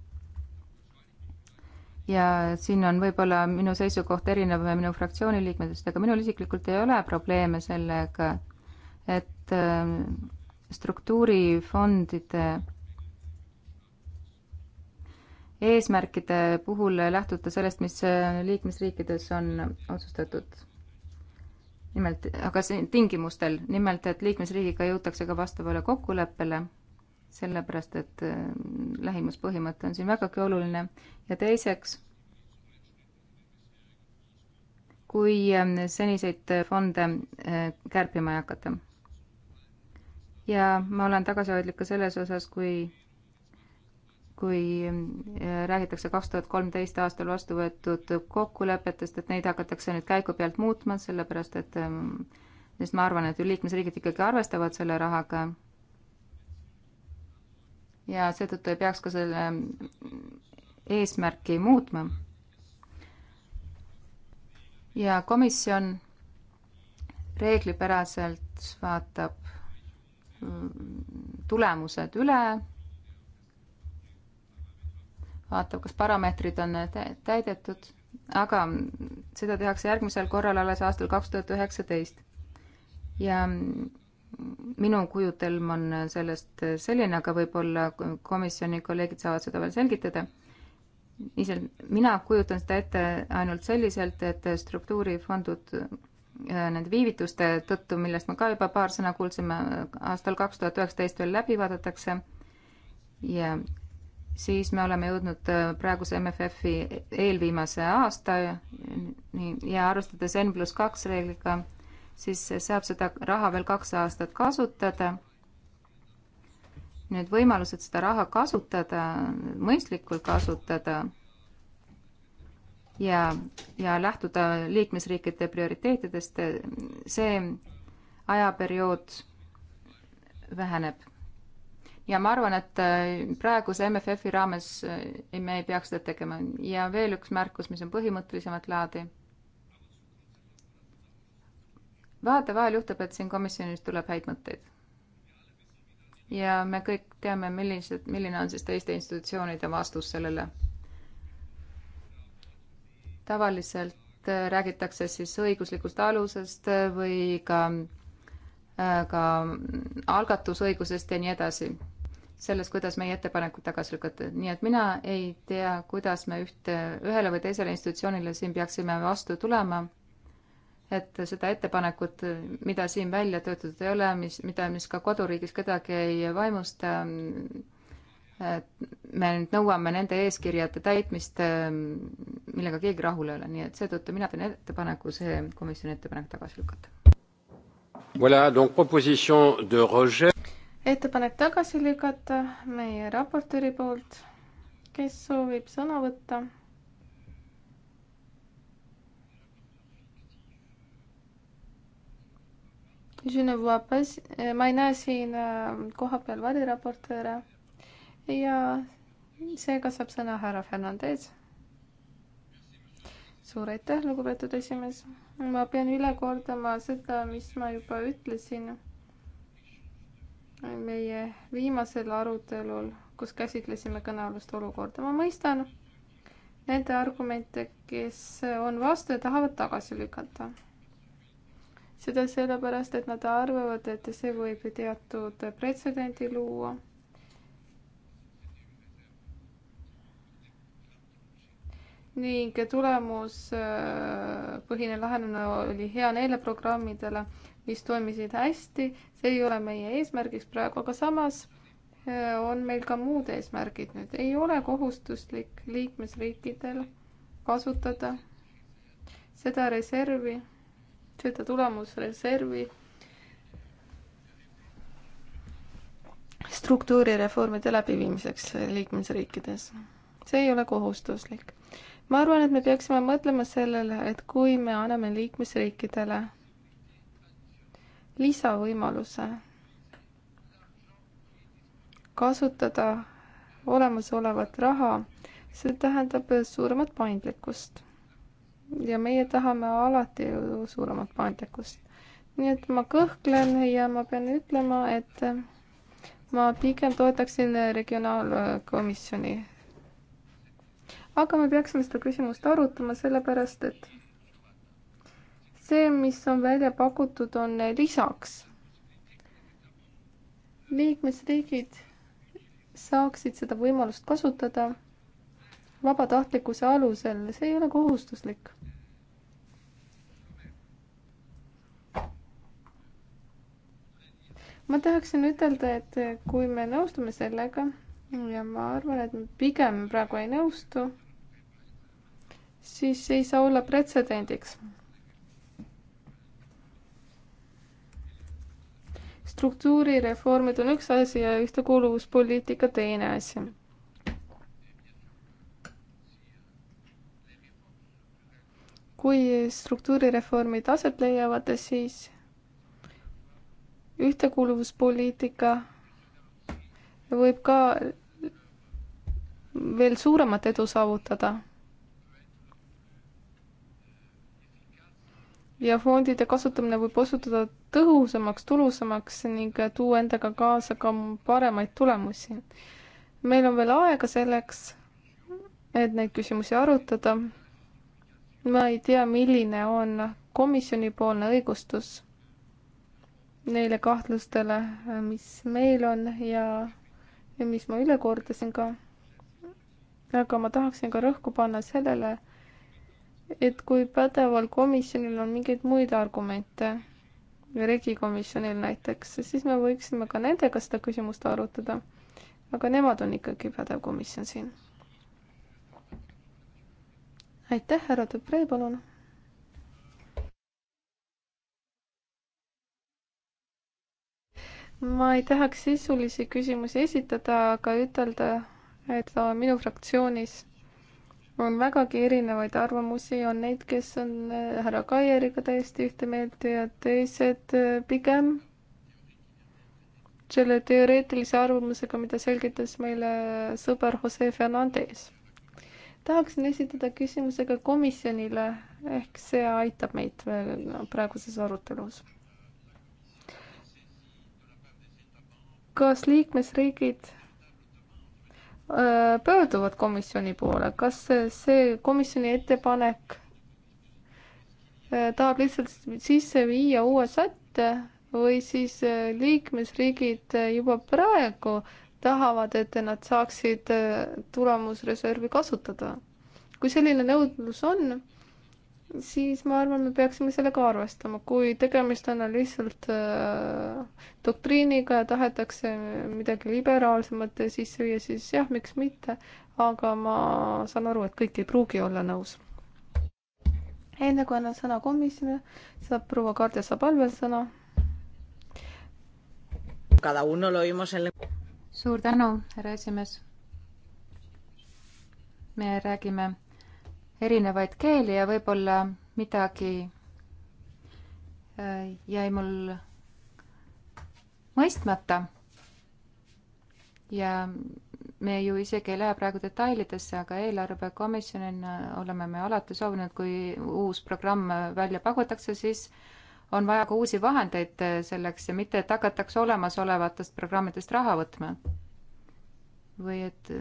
ja siin on võib-olla minu seisukoht erinev minu fraktsiooni liikmetest, aga minul isiklikult ei ole probleeme sellega, et äh, struktuurifondide eesmärkide puhul lähtuda sellest, mis äh, liikmesriikides on otsustatud. nimelt, aga see tingimustel, nimelt et liikmesriigiga jõutakse ka vastavale kokkuleppele, sellepärast et äh, lähimuspõhimõte on siin vägagi oluline ja teiseks, kui ähm, seniseid fonde äh, kärpima ei hakata. ja ma olen tagasihoidlik ka selles osas, kui kui äh, räägitakse kaks tuhat kolmteist aastal vastu võetud kokkulepetest, et neid hakatakse nüüd käigu pealt muutma, sellepärast et ähm, sest ma arvan, et ju liikmesriigid ikkagi arvestavad selle rahaga. ja seetõttu ei peaks ka selle äh, eesmärki muutma. ja komisjon reeglipäraselt vaatab äh, tulemused üle vaatab, kas parameetrid on täidetud, aga seda tehakse järgmisel korral alles aastal kaks tuhat üheksateist. ja minu kujutelm on sellest selline, aga võib-olla komisjoni kolleegid saavad seda veel selgitada. ise, mina kujutan seda ette ainult selliselt, et struktuurifondud äh, nende viivituste tõttu, millest me ka juba paar sõna kuulsime, aastal kaks tuhat üheksateist veel läbi vaadatakse ja siis me oleme jõudnud äh, praeguse MFF-i eelviimase aasta ja, ja arvestades N pluss kaks reegliga, siis saab seda raha veel kaks aastat kasutada. nüüd võimalused seda raha kasutada, mõistlikult kasutada ja, ja lähtuda liikmesriikide prioriteetidest, see ajaperiood väheneb ja ma arvan, et äh, praeguse MFF-i raames äh, me ei peaks seda tegema ja veel üks märkus, mis on põhimõttelisemat laadi. vahetevahel juhtub, et siin komisjonis tuleb häid mõtteid. ja me kõik teame, millised, milline on siis teiste institutsioonide vastus sellele. tavaliselt äh, räägitakse siis õiguslikust alusest või ka, ka algatusõigusest ja nii edasi selles, kuidas meie ettepanekut tagasi lükata, nii et mina ei tea, kuidas me ühte, ühele või teisele institutsioonile siin peaksime vastu tulema, et seda ettepanekut, mida siin välja töötatud ei ole, mis, mida, mis ka koduriigis kedagi ei vaimusta, et me nüüd nõuame nende eeskirjade täitmist, millega keegi rahul ei ole, nii et seetõttu mina teen ettepaneku see komisjoni ettepanek tagasi lükata. Voilà donc proposition de rejet ettepanek tagasi lükata meie raportööri poolt, kes soovib sõna võtta. ma ei näe siin äh, kohapeal variraportööre ja seega saab sõna härra Fernandez. suur aitäh, lugupeetud esimees. ma pean üle kordama seda, mis ma juba ütlesin meie viimasel arutelul, kus käsitlesime kõnealust olukorda. ma mõistan nende argumente, kes on vastu ja tahavad tagasi lükata. seda sellepärast, et nad arvavad, et see võib teatud pretsedendi luua ning tulemuspõhine äh, lähenemine oli hea neile programmidele, mis toimisid hästi, see ei ole meie eesmärgiks praegu, aga samas äh, on meil ka muud eesmärgid nüüd, ei ole kohustuslik liikmesriikidel kasutada seda reservi, seda tulemusreservi struktuurireformide läbiviimiseks liikmesriikides. see ei ole kohustuslik. ma arvan, et me peaksime mõtlema sellele, et kui me anname liikmesriikidele lisavõimaluse kasutada olemasolevat raha, see tähendab suuremat paindlikkust. ja meie tahame alati ju suuremat paindlikkust. nii et ma kõhklen ja ma pean ütlema, et ma pigem toetaksin regionaalkomisjoni. aga me peaksime seda küsimust arutama, sellepärast et see, mis on välja pakutud, on lisaks. liikmesriigid saaksid seda võimalust kasutada vabatahtlikkuse alusel, see ei ole kohustuslik. ma tahaksin ütelda, et kui me nõustume sellega ja ma arvan, et pigem praegu ei nõustu, siis ei saa olla pretsedendiks struktuurireformid on üks asi ja ühtekuuluvuspoliitika teine asi. kui struktuurireformid aset leiavad, siis ühtekuuluvuspoliitika võib ka veel suuremat edu saavutada ja fondide kasutamine võib osutuda tõhusamaks, tulusamaks ning tuua endaga kaasa ka paremaid tulemusi. meil on veel aega selleks, et neid küsimusi arutada. ma ei tea, milline on komisjonipoolne õigustus neile kahtlustele, mis meil on ja, ja mis ma üle kordasin ka. aga ma tahaksin ka rõhku panna sellele, et kui pädeval komisjonil on mingeid muid argumente, regikomisjonil näiteks, siis me võiksime ka nendega seda küsimust arutada. aga nemad on ikkagi pädev komisjon siin. aitäh, härra Dupree, palun ma ei tahaks sisulisi küsimusi esitada, aga ütelda, et minu fraktsioonis on vägagi erinevaid arvamusi, on neid, kes on äh, härra Kaieriga täiesti ühte meelt ja teised äh, pigem selle teoreetilise arvamusega, mida selgitas meile sõber Jose Fernandez. tahaksin esitada küsimuse ka komisjonile, ehk see aitab meid äh, praeguses arutelus kas liikmesriigid pöörduvad komisjoni poole, kas see komisjoni ettepanek tahab lihtsalt sisse viia uue sätte või siis liikmesriigid juba praegu tahavad, et nad saaksid tulemusreservi kasutada. kui selline nõudlus on, siis ma arvan, me peaksime sellega arvestama, kui tegemist on lihtsalt äh, doktriiniga ja tahetakse midagi liberaalsemat sisse viia, siis jah, miks mitte, aga ma saan aru, et kõik ei pruugi olla nõus. enne kui annan sõna komisjonile, saab proua Kardja Sabal veel sõna. suur tänu, härra esimees. me räägime erinevaid keeli ja võib-olla midagi äh, jäi mul mõistmata. ja me ju isegi ei lähe praegu detailidesse, aga eelarvekomisjonina oleme me alati soovinud, kui uus programm välja pakutakse, siis on vaja ka uusi vahendeid selleks ja mitte, et hakatakse olemasolevatest programmidest raha võtma. või et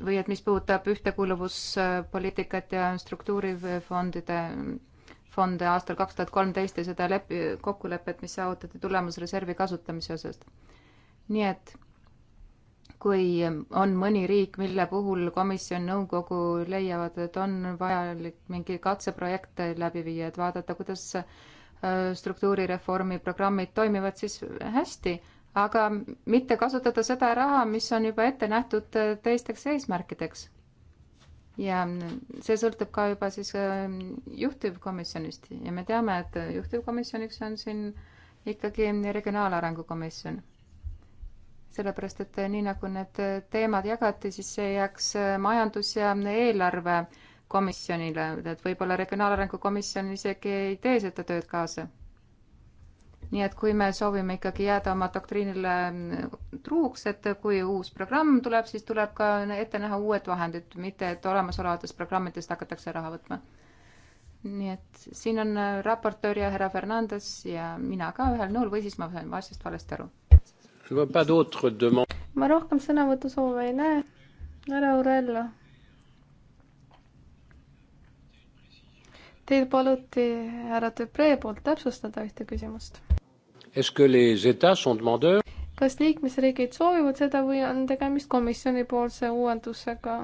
või et mis puudutab ühtekuuluvuspoliitikat ja struktuurifondide fonde aastal kaks tuhat kolmteist ja seda lepi-, kokkulepet, mis saavutati tulemusreservi kasutamise osas. nii et kui on mõni riik, mille puhul komisjon, nõukogu leiavad, et on vajalik mingi katseprojekt läbi viia, et vaadata, kuidas äh, struktuurireformi programmid toimivad, siis hästi, aga mitte kasutada seda raha, mis on juba ette nähtud äh, teisteks eesmärkideks. ja see sõltub ka juba siis ähm, juhtivkomisjonist ja me teame, et juhtivkomisjoniks on siin ikkagi Regionaalarengu Komisjon. sellepärast, et nii nagu need teemad jagati, siis see jääks äh, majandus- ja eelarvekomisjonile, et võib-olla Regionaalarengu Komisjon isegi ei tee seda tööd kaasa nii et kui me soovime ikkagi jääda oma doktriinile mm, truuks, et kui uus programm tuleb, siis tuleb ka ette näha uued vahendid, mitte et olemasolevatest programmidest hakatakse raha võtma. nii et siin on äh, raportöör ja härra Fernandes ja mina ka ühel nõul või siis ma sain asjast valesti aru. ma rohkem sõnavõtusoove ei näe. härra Urello. Teil paluti härra Debre poolt täpsustada ühte küsimust kas liikmesriigid soovivad seda või on tegemist komisjonipoolse uuendusega?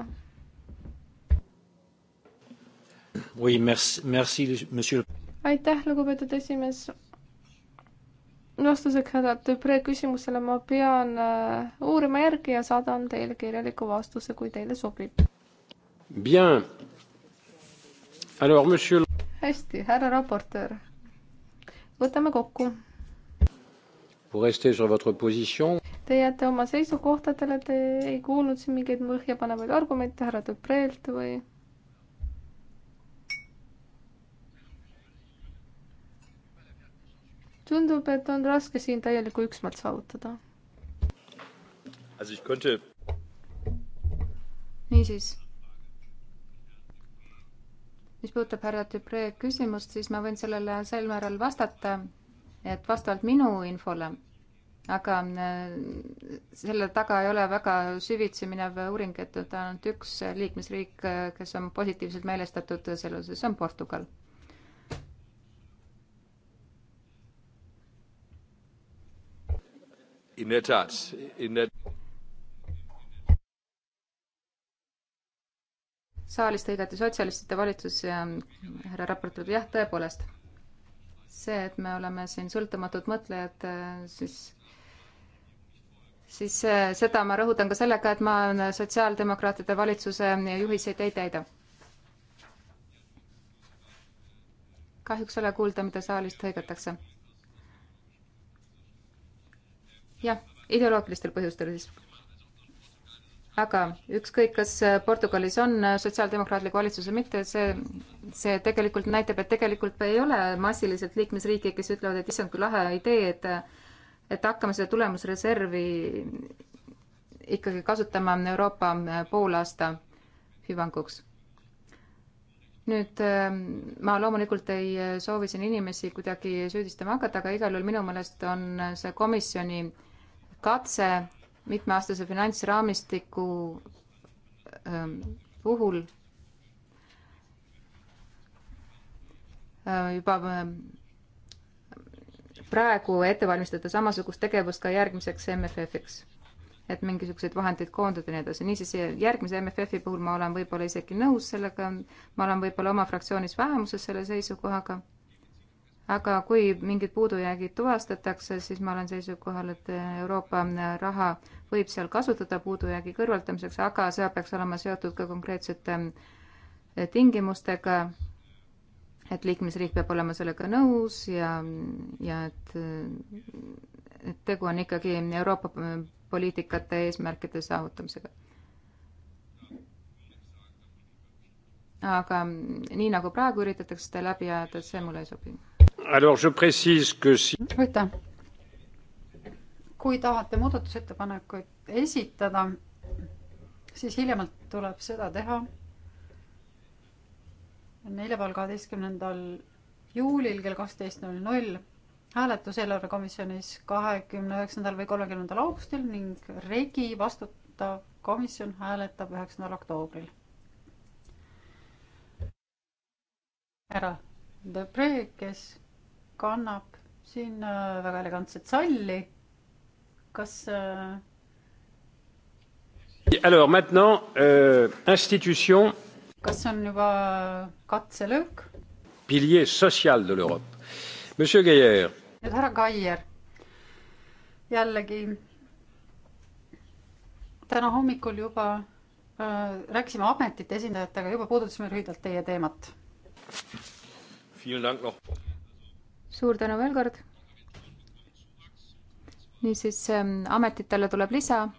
aitäh, lugupeetud esimees. vastuseks härra Debre küsimusele ma pean äh, uurima järgi ja saadan teile kirjaliku vastuse, kui teile sobib. Bien. Alors, monsieur... hästi, härra raportöör, võtame kokku Te jääte oma seisukohtadele, te ei kuulnud siin mingeid põhjapanevaid argumente härra Dupreelt või? tundub, et on raske siin täielikku üksmeelt saavutada. niisiis. mis puudutab härra Dupree küsimust, siis ma võin sellele sel määral vastata et vastavalt minu infole, aga äh, selle taga ei ole väga süvitsi minev uuring, et on ainult üks liikmesriik, äh, kes on positiivselt meelestatud selle osas, see on Portugal. In der Tat, in der saalis tõigati sotsialistide valitsus ja äh, härra raportöör, jah, tõepoolest see, et me oleme siin sõltumatud mõtlejad, äh, siis siis äh, seda ma rõhutan ka sellega, et ma sotsiaaldemokraatide valitsuse juhiseid ei täida. kahjuks ei ole kuulda, mida saalist hõigatakse. jah, ideoloogilistel põhjustel siis aga ükskõik, kas äh, Portugalis on äh, sotsiaaldemokraatlik valitsus või mitte, see, see tegelikult näitab, et tegelikult ei ole massiliselt liikmesriike, kes ütlevad, et issand, kui lahe idee, et et hakkame seda tulemusreservi ikkagi kasutama Euroopa äh, poolaasta hüvanguks. nüüd ähm, ma loomulikult ei soovi siin inimesi kuidagi süüdistama hakata, aga igal juhul minu meelest on see komisjoni katse mitmeaastase finantsraamistiku ähm, puhul äh, juba ähm, praegu ette valmistada samasugust tegevust ka järgmiseks MFF-iks. et mingisuguseid vahendeid koondada ja nii edasi, niisiis järgmise MFF-i puhul ma olen võib-olla isegi nõus sellega, ma olen võib-olla oma fraktsioonis vähemuses selle seisukohaga, aga kui mingid puudujäägid tuvastatakse, siis ma olen seisukohal, et Euroopa raha võib seal kasutada puudujäägi kõrvaldamiseks, aga see peaks olema seotud ka konkreetsete eh, tingimustega, et liikmesriik peab olema sellega nõus ja, ja et, eh, et tegu on ikkagi Euroopa eh, poliitikate eesmärkide saavutamisega. aga mm, nii, nagu praegu üritatakse seda läbi ajada, see mulle ei sobi. aitäh kui tahate muudatusettepanekuid esitada, siis hiljemalt tuleb seda teha neljapäeval, kaheteistkümnendal juulil kell kaksteist null null hääletus eelarvekomisjonis kahekümne üheksandal või kolmekümnendal augustil ning regi vastutav komisjon hääletab üheksandal oktoobril. härra Debre, kes kannab siin äh, väga elegantset salli kas äh, Alors maintenant, euh, institution. kas on juba katselõõk? Pilier social de l'Europe. Monsieur Gaier. nüüd härra Gaier, jällegi täna hommikul juba äh, rääkisime ametite esindajatega, juba puudutasime lühidalt teie teemat. suur tänu veel kord niisiis ähm, ametitele tuleb lisa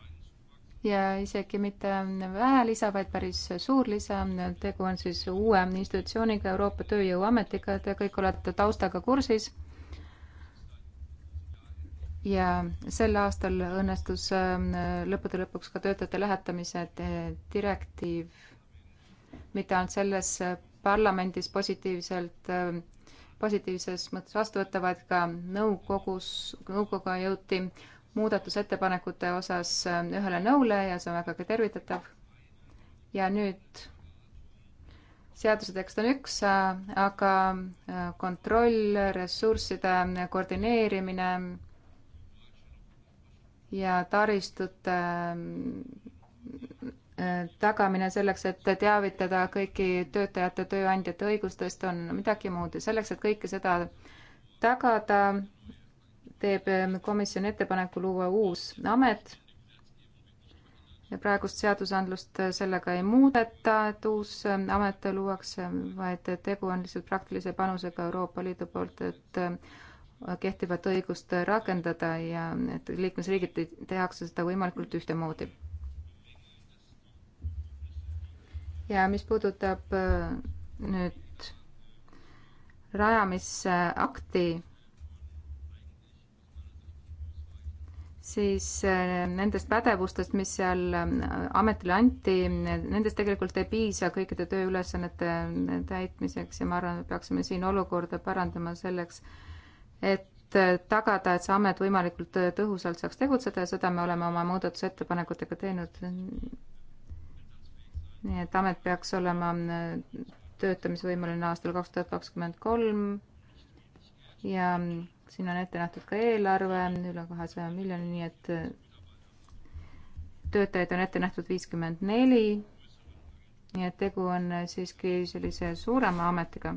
ja isegi mitte ähm, vähe lisa, vaid päris suur lisa. tegu on siis uue institutsiooniga, Euroopa Tööjõuametiga, te kõik olete taustaga kursis. ja sel aastal õnnestus ähm, lõppude lõpuks ka töötajate lähetamise direktiiv mitte ainult selles äh, parlamendis positiivselt positiivses mõttes vastuvõtavad, ka nõukogus, nõukoguga jõuti muudatusettepanekute osas äh, ühele nõule ja see on vägagi tervitatav. ja nüüd seaduse tekst on üks, äh, aga äh, kontroll, ressursside koordineerimine ja taristute tagamine selleks, et teavitada kõiki töötajate, tööandjate õigustest, on midagi muud ja selleks, et kõike seda tagada, teeb komisjon ettepaneku luua uus amet. ja praegust seadusandlust sellega ei muudeta, et uus amet luuakse, vaid tegu on lihtsalt praktilise panusega Euroopa Liidu poolt, et kehtivat õigust rakendada ja et liikmesriigid tehakse seda võimalikult ühtemoodi ja mis puudutab äh, nüüd rajamisakti, siis äh, nendest pädevustest, mis seal ähm, ametile anti, nendest tegelikult ei piisa kõikide tööülesannete äh, täitmiseks ja ma arvan, et peaksime siin olukorda parandama selleks, et tagada, et see amet võimalikult tõhusalt saaks tegutseda ja seda me oleme oma muudatusettepanekutega teinud nii et amet peaks olema äh, töötamisvõimeline aastal kaks tuhat kakskümmend kolm ja mm, siin on ette nähtud ka eelarve üle kahesaja miljoni, nii et äh, töötajaid on ette nähtud viiskümmend neli. nii et tegu on äh, siiski sellise suurema ametiga.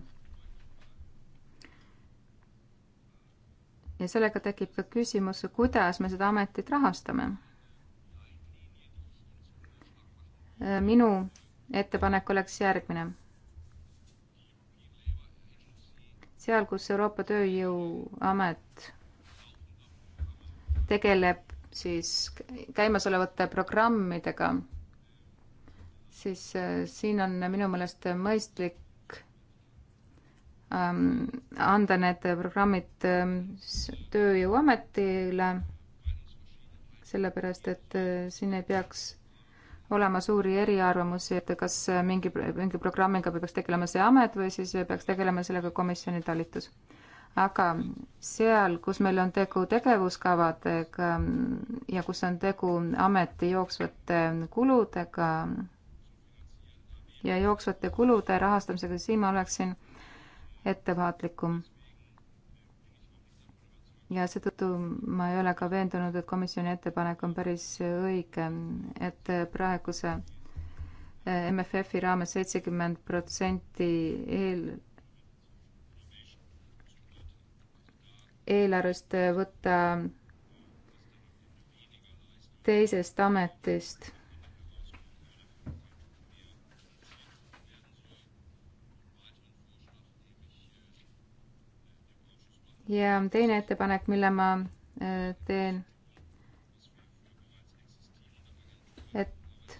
ja sellega tekib ka küsimus, kuidas me seda ametit rahastame Äh, minu ettepanek oleks järgmine. seal, kus Euroopa Tööjõuamet tegeleb siis käimasolevate programmidega, siis äh, siin on minu meelest mõistlik ähm, anda need programmid ähm, Tööjõuametile, sellepärast et äh, siin ei peaks olema suuri eriarvamusi, et kas mingi, mingi programmiga peaks tegelema see amet või siis peaks tegelema sellega komisjoni talitus. aga seal, kus meil on tegu tegevuskavadega ja kus on tegu ameti jooksvate kuludega ja jooksvate kulude rahastamisega, siis siin ma oleksin ettevaatlikum ja seetõttu ma ei ole ka veendunud, et komisjoni ettepanek on päris õige, et praeguse eh, MFF-i raames seitsekümmend protsenti eel, eelarvest võtta teisest ametist ja teine ettepanek, mille ma äh, teen, et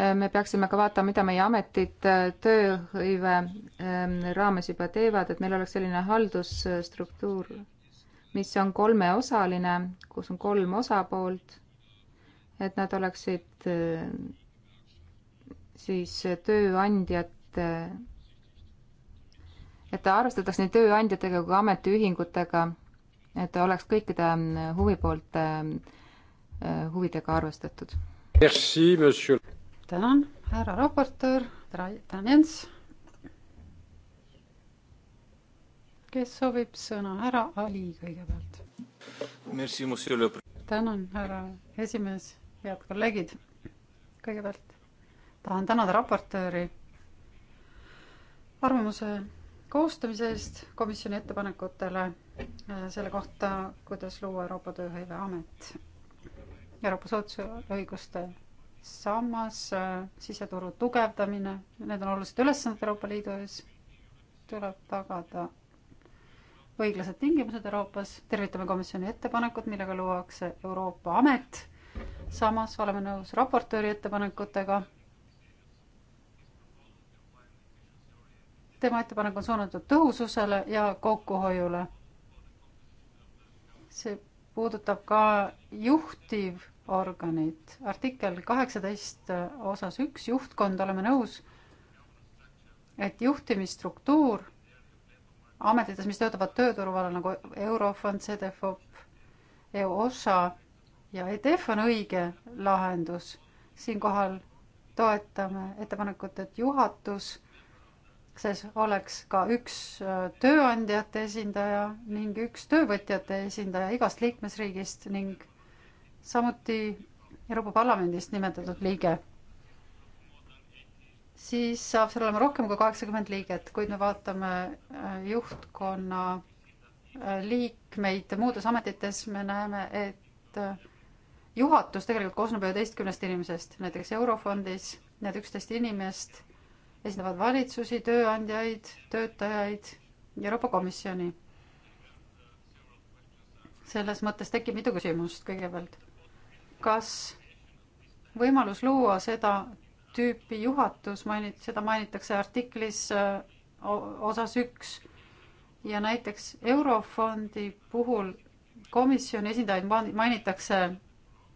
äh, me peaksime ka vaatama, mida meie ametid äh, tööhõive ähm, raames juba teevad, et meil oleks selline haldusstruktuur, mis on kolmeosaline, kus on kolm osapoolt, et nad oleksid siis tööandjate et arvestataks nii tööandjatega kui ametiühingutega, et oleks kõikide ähm, huvipoolte ähm, äh, huvidega arvestatud. tänan, härra raportöör, tänan Jens. kes soovib sõna, härra Ali kõigepealt. tänan, härra esimees, head kolleegid. kõigepealt tahan tänada raportööri arvamuse koostamise eest komisjoni ettepanekutele äh, selle kohta, kuidas luua Euroopa Tööhõiveamet. Euroopa sotsiaalõiguste sammas, äh, siseturu tugevdamine, need on olulised ülesanded Euroopa Liidu ees. tuleb tagada õiglased tingimused Euroopas, tervitame komisjoni ettepanekut, millega luuakse Euroopa Amet. samas oleme nõus raportööri ettepanekutega tema ettepanek on suunatud tõhususele ja kokkuhoiule. see puudutab ka juhtivorganit. artikkel kaheksateist osas üks juhtkond, oleme nõus, et juhtimisstruktuur ametites, mis töötavad tööturuvalal nagu Eurofond, CDFOP, EOSA ja EDF on õige lahendus. siinkohal toetame ettepanekut, et juhatus siis oleks ka üks äh, tööandjate esindaja ning üks töövõtjate esindaja igast liikmesriigist ning samuti Euroopa Parlamendist nimetatud liige. siis saab seal olema rohkem kui kaheksakümmend liiget, kuid me vaatame äh, juhtkonna äh, liikmeid muudes ametites, me näeme, et juhatus tegelikult koosneb üheteistkümnest inimesest, näiteks Eurofondis need üksteist inimest esindavad valitsusi, tööandjaid, töötajaid, Euroopa Komisjoni. selles mõttes tekib mitu küsimust kõigepealt. kas võimalus luua seda tüüpi juhatus, mainit-, seda mainitakse artiklis osas üks ja näiteks Eurofondi puhul komisjoni esindajaid mainitakse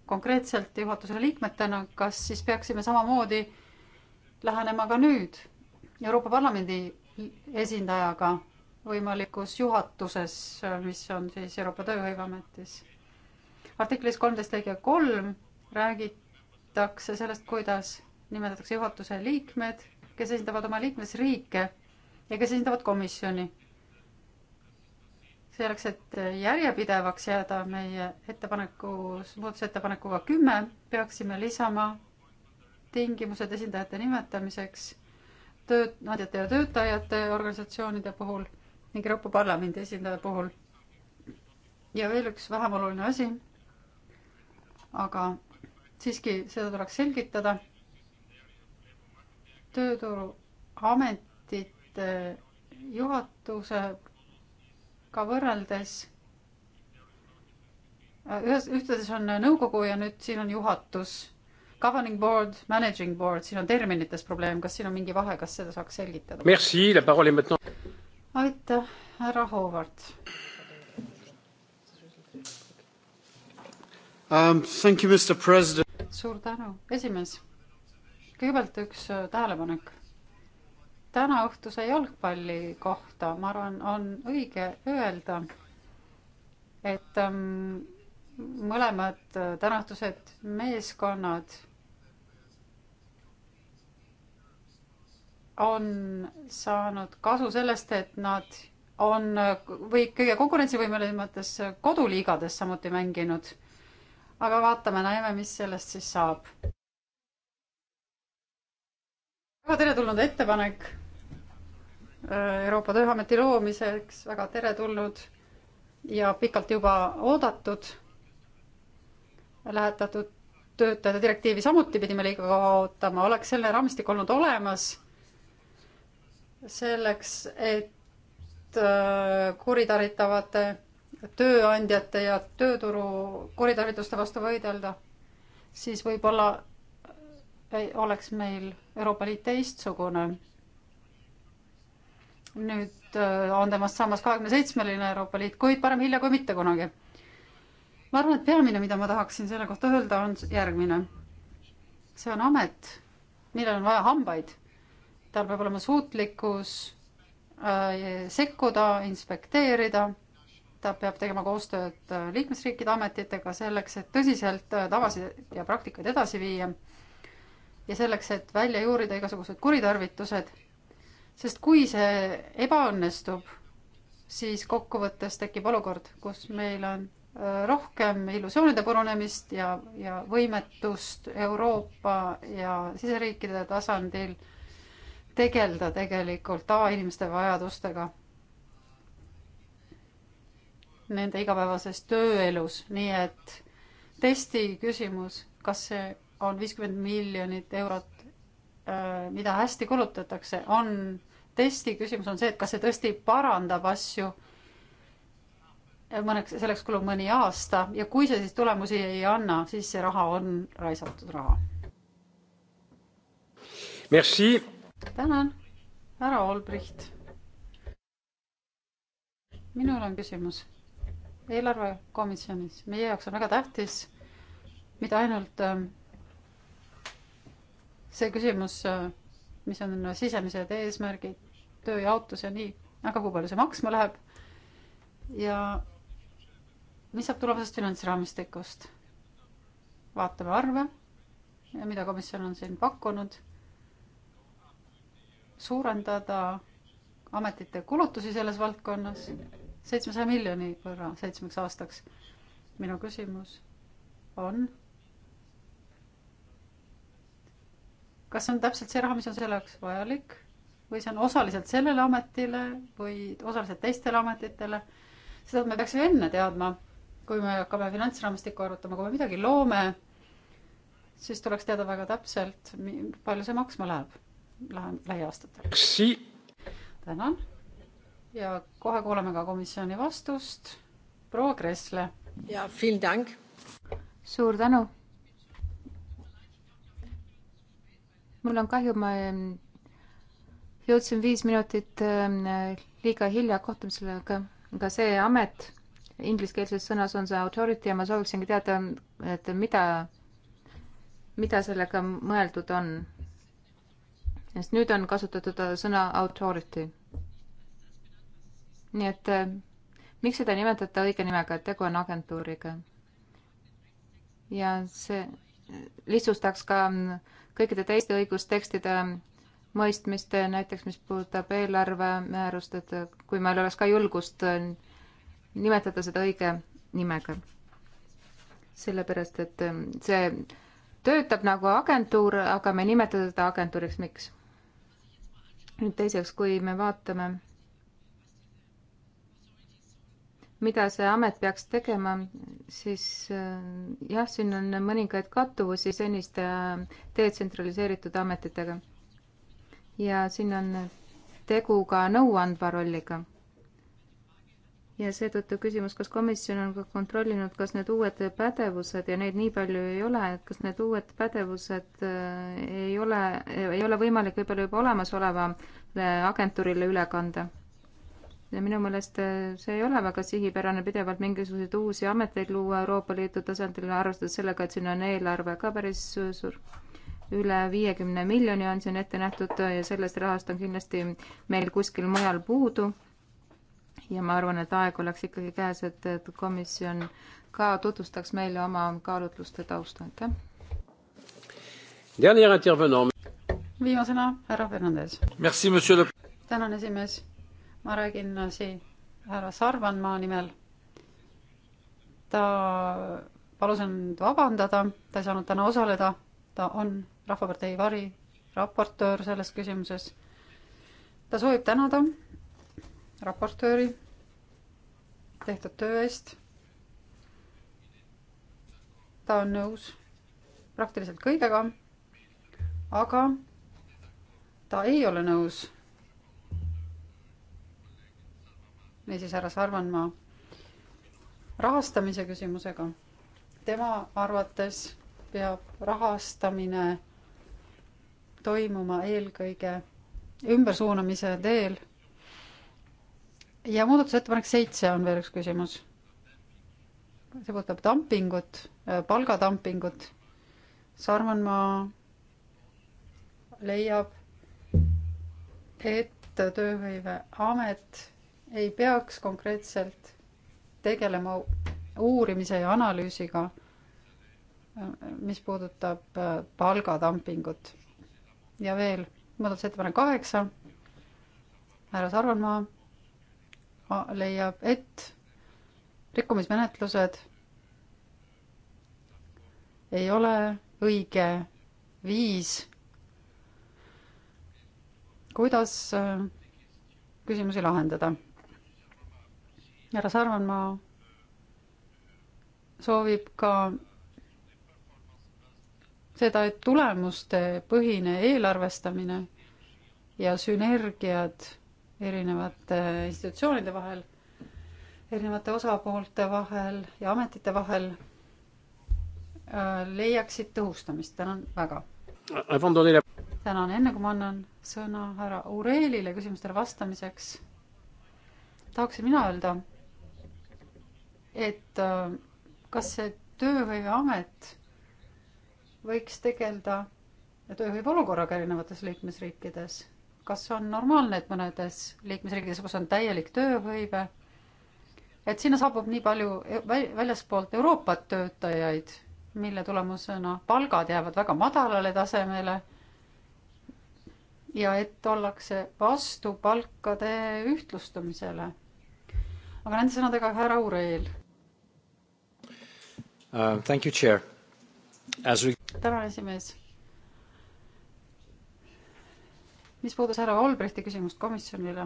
konkreetselt juhatuse liikmetena, kas siis peaksime samamoodi äh, lähenema ka nüüd Euroopa Parlamendi esindajaga võimalikus juhatuses, mis on siis Euroopa Tööhõiveametis. artiklis kolmteist lõige kolm räägitakse sellest, kuidas nimetatakse juhatuse liikmed, kes esindavad oma liikmesriike ja kes esindavad komisjoni. selleks, et järjepidevaks jääda meie ettepanekus, muudatusettepanekuga kümme, peaksime lisama tingimused esindajate nimetamiseks tööandjate ja töötajate organisatsioonide puhul ning Euroopa Parlamendi esindaja puhul. ja veel üks vähem oluline asi, aga siiski seda tuleks selgitada. tööturuametite juhatusega võrreldes ühes, ühtedest on nõukogu ja nüüd siin on juhatus Governing board, managing board, siin on terminites probleem, kas siin on mingi vahe, kas seda saaks selgitada? Merci, la parole est maintenant. aitäh, härra Howard um,. Thank you, Mr President. suur tänu, esimees. kõigepealt üks äh, tähelepanek. täna õhtuse jalgpalli kohta, ma arvan, on õige öelda, et um, mõlemad äh, tänatused meeskonnad on saanud kasu sellest, et nad on või kõige konkurentsivõimelisemates koduliigades samuti mänginud. aga vaatame, näeme, mis sellest siis saab. väga teretulnud ettepanek äh, Euroopa Tööameti loomiseks, väga teretulnud ja pikalt juba oodatud. lähetatud töötajate direktiivi samuti pidime liiga kaua ootama, oleks selle raamistik olnud olemas selleks, et äh, kuritarvitavate tööandjate ja tööturu kuritarvituste vastu võidelda, siis võib-olla oleks meil Euroopa Liit teistsugune. nüüd äh, on temast saamas kahekümne seitsmeline Euroopa Liit, kuid parem hilja kui mitte kunagi. ma arvan, et peamine, mida ma tahaksin selle kohta öelda, on järgmine. see on amet, millel on vaja hambaid tal peab olema suutlikkus äh, sekkuda, inspekteerida, ta peab tegema koostööd äh, liikmesriikide ametitega selleks, et tõsiselt äh, tavasid ja praktikaid edasi viia ja selleks, et välja juurida igasugused kuritarvitused, sest kui see ebaõnnestub, siis kokkuvõttes tekib olukord, kus meil on äh, rohkem illusioonide purunemist ja, ja võimetust Euroopa ja siseriikide tasandil äh, tegeleda tegelikult tavainimeste vajadustega nende igapäevases tööelus, nii et testi küsimus, kas see on viiskümmend miljonit eurot, äh, mida hästi kulutatakse, on testi küsimus on see, et kas see tõesti parandab asju mõneks, selleks kulub mõni aasta ja kui see siis tulemusi ei anna, siis see raha on raisatud raha. Merci tänan, härra Olbricht. minul on küsimus. eelarvekomisjonis, meie jaoks on väga tähtis, mitte ainult ähm, see küsimus, äh, mis on sisemised eesmärgid, tööjaotus ja nii, aga kui palju see maksma läheb ja mis saab tulevasest finantsraamistikust? vaatame arve ja mida komisjon on siin pakkunud suurendada ametite kulutusi selles valdkonnas seitsmesaja miljoni võrra seitsmeks aastaks. minu küsimus on, kas see on täpselt see raha, mis on selle jaoks vajalik või see on osaliselt sellele ametile või osaliselt teistele ametitele? seda me peaksime enne teadma, kui me hakkame finantsraamistikku arutama, kui me midagi loome, siis tuleks teada väga täpselt, palju see maksma läheb lähiaastatel si.. tänan ja kohe kuuleme ka komisjoni vastust. proua Kressle. ja, suur tänu. mul on kahju, ma jõudsin viis minutit ähm, liiga hilja kohtumisele, aga ka see amet ingliskeelses sõnas on see authority ja ma sooviksingi teada, et mida, mida sellega mõeldud on sest nüüd on kasutatud äh, sõna authority. nii et äh, miks seda nimetada õige nimega, et tegu on agentuuriga? ja see äh, lihtsustaks ka mm, kõikide teiste õigustekstide mm, mõistmist, näiteks mis puudutab eelarvemäärust, et kui meil oleks ka julgust nimetada seda õige nimega. sellepärast, et see töötab nagu agentuur, aga me ei nimeta teda agentuuriks, miks? nüüd teiseks, kui me vaatame, mida see amet peaks tegema, siis äh, jah, siin on mõningaid kattuvusi seniste äh, detsentraliseeritud ametitega. ja siin on tegu ka nõuandva rolliga ja seetõttu küsimus, kas komisjon on ka kontrollinud, kas need uued pädevused ja neid nii palju ei ole, et kas need uued pädevused äh, ei ole, ei ole võimalik võib-olla juba olemasolevale agentuurile üle kanda? ja minu meelest äh, see ei ole väga sihipärane pidevalt mingisuguseid uusi ameteid luua Euroopa Liidu tasandil, arvestades sellega, et siin on eelarve ka päris suur üle viiekümne miljoni on siin ette nähtud ja sellest rahast on kindlasti meil kuskil mujal puudu ja ma arvan, et aeg oleks ikkagi käes, et, et komisjon ka tutvustaks meile oma kaalutluste tausta, aitäh. viimasena härra Fernandes. tänan, esimees. ma räägin siin härra Sarvanmaa nimel. ta palus end vabandada, ta ei saanud täna osaleda, ta on Rahvapartei variraportöör selles küsimuses. ta soovib tänada raportööri tehtud töö eest. ta on nõus praktiliselt kõigega, aga ta ei ole nõus. niisiis, härra Sarvanmaa, rahastamise küsimusega. tema arvates peab rahastamine toimuma eelkõige ümbersuunamise teel ja muudatusettepanek seitse on veel üks küsimus. see puudutab dumpingut, äh, palgadumpingut. Sarmanmaa leiab, et Tööhõiveamet ei peaks konkreetselt tegelema uurimise ja analüüsiga, äh, mis puudutab äh, palgadumpingut. ja veel muudatusettepanek kaheksa, härra Sarvanmaa leiab, et rikkumismenetlused ei ole õige viis, kuidas äh, küsimusi lahendada. härra Sarvanmaa soovib ka seda, et tulemuste põhine eelarvestamine ja sünergiad erinevate institutsioonide vahel, erinevate osapoolte vahel ja ametite vahel äh, leiaksid tõhustamist. tänan väga. tänan, enne kui ma annan sõna härra Ureelile küsimustele vastamiseks, tahaksin mina öelda, et äh, kas see tööhõiveamet võiks tegeleda tööhõive olukorraga erinevates liikmesriikides kas on normaalne, et mõnedes liikmesriikides, kus on täielik tööhõive, et sinna saabub nii palju e-, väljaspoolt Euroopat töötajaid, mille tulemusena palgad jäävad väga madalale tasemele ja et ollakse vastu palkade ühtlustamisele. aga nende sõnadega härra Ureel uh,. tänan, esimees mis puudus härra Olbrechti küsimust komisjonile,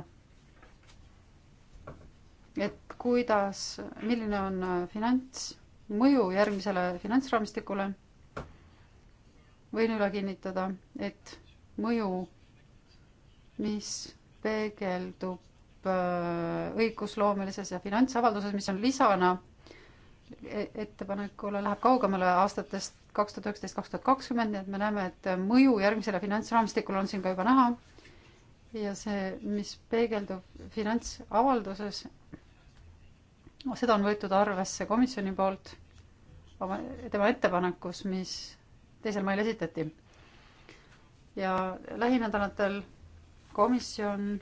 et kuidas, milline on äh, finantsmõju järgmisele finantsraamistikule, võin üle kinnitada, et mõju, mis peegeldub äh, õigusloomelises ja finantsavalduses, mis on lisana e-, ettepanekule, läheb kaugemale aastatest kaks tuhat üheksateist, kaks tuhat kakskümmend, nii et me näeme, et mõju järgmisele finantsraamistikule on siin ka juba näha. ja see, mis peegeldub finantsavalduses, seda on võetud arvesse komisjoni poolt oma, tema ettepanekus, mis teisel mail esitati. ja lähinädalatel komisjon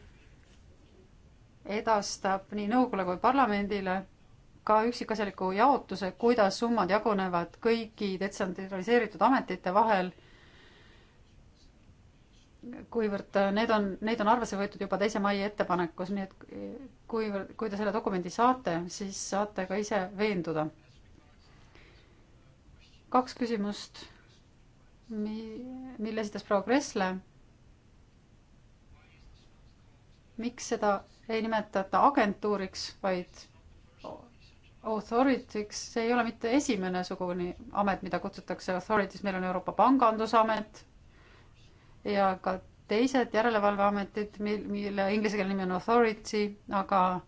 edastab nii nõukogule kui parlamendile ka üksikasjaliku jaotuse, kuidas summad jagunevad kõigi detsentraliseeritud ametite vahel, kuivõrd need on, neid on arvesse võetud juba teise mai ettepanekus, nii et kuivõrd, kui te selle dokumendi saate, siis saate ka ise veenduda. kaks küsimust, mi-, mille esitas proua Kressle. miks seda ei nimetata agentuuriks, vaid authority'ks ei ole mitte esimene sugune amet, mida kutsutakse authority's, meil on Euroopa Pangandusamet ja ka teised järelevalveametid, mil, mille inglisekeelne nimi on authority, aga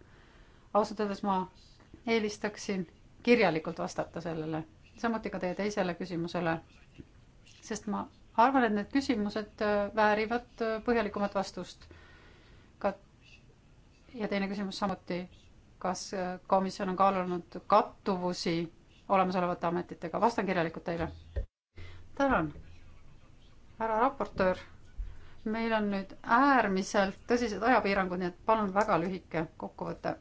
ausalt öeldes ma eelistaksin kirjalikult vastata sellele, samuti ka teie teisele küsimusele. sest ma arvan, et need küsimused äh, väärivad äh, põhjalikumat vastust. ka ja teine küsimus samuti kas äh, komisjon on kaalunud kattuvusi olemasolevate ametitega, vastan kirjalikult teile. tänan, härra raportöör. meil on nüüd äärmiselt tõsised ajapiirangud, nii et palun väga lühike kokkuvõte.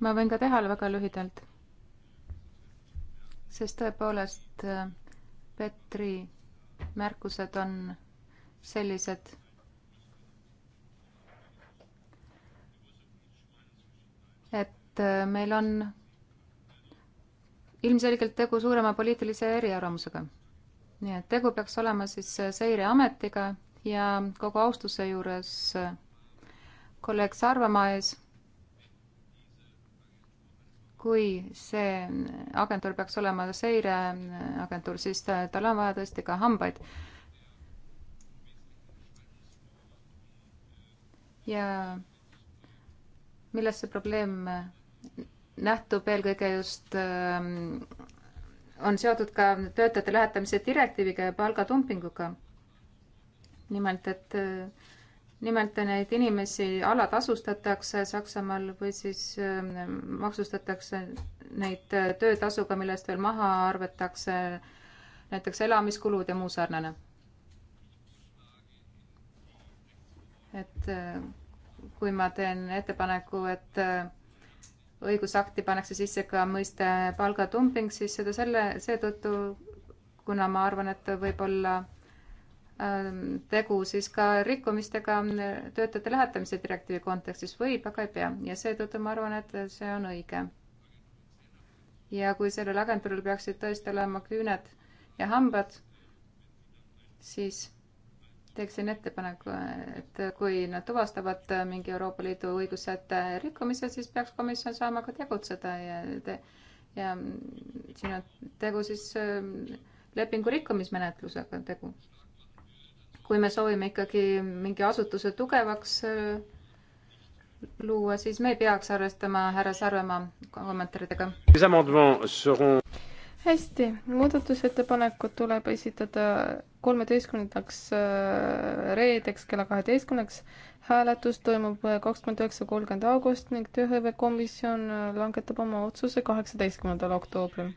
ma võin ka teha väga lühidalt. sest tõepoolest äh, Petri märkused on sellised et äh, meil on ilmselgelt tegu suurema poliitilise eriarvamusega. nii et tegu peaks olema siis äh, seireametiga ja kogu austuse juures äh, kolleeg Sarvamaa ees, kui see agentuur peaks olema seireagentuur, siis tal on vaja tõesti ka hambaid. ja milles see probleem nähtub eelkõige just ähm, on seotud ka töötajate lähetamise direktiiviga ja palgatumpinguga. nimelt, et, äh, nimelt neid inimesi alatasustatakse Saksamaal või siis ähm, maksustatakse neid äh, töötasuga, millest veel maha arvatakse näiteks elamiskulud ja muu sarnane. et äh, kui ma teen ettepaneku, et äh, õigusakti pannakse sisse ka mõiste palgatumping, siis seda selle, seetõttu, kuna ma arvan, et võib-olla ähm, tegu siis ka rikkumistega äh, töötajate lähetamise direktiivi kontekstis võib, aga ei pea ja seetõttu ma arvan, et see on õige. ja kui sellel agentuuril peaksid tõesti olema küüned ja hambad, siis teeksin ettepaneku, et kui nad tuvastavad mingi Euroopa Liidu õigussätte rikkumise, siis peaks komisjon saama ka tegutseda ja te, ja siin on tegu siis ähm, lepingu rikkumismenetlusega tegu. kui me soovime ikkagi mingi asutuse tugevaks äh, luua, siis me ei peaks arvestama härra Sarvemaa kommentaaridega hästi, muudatusettepanekud tuleb esitada kolmeteistkümnendaks äh, reedeks kella kaheteistkümneks. hääletus toimub äh, kakskümmend üheksa, kolmkümmend august ning tööhõivekomisjon äh, langetab oma otsuse kaheksateistkümnendal oktoobril.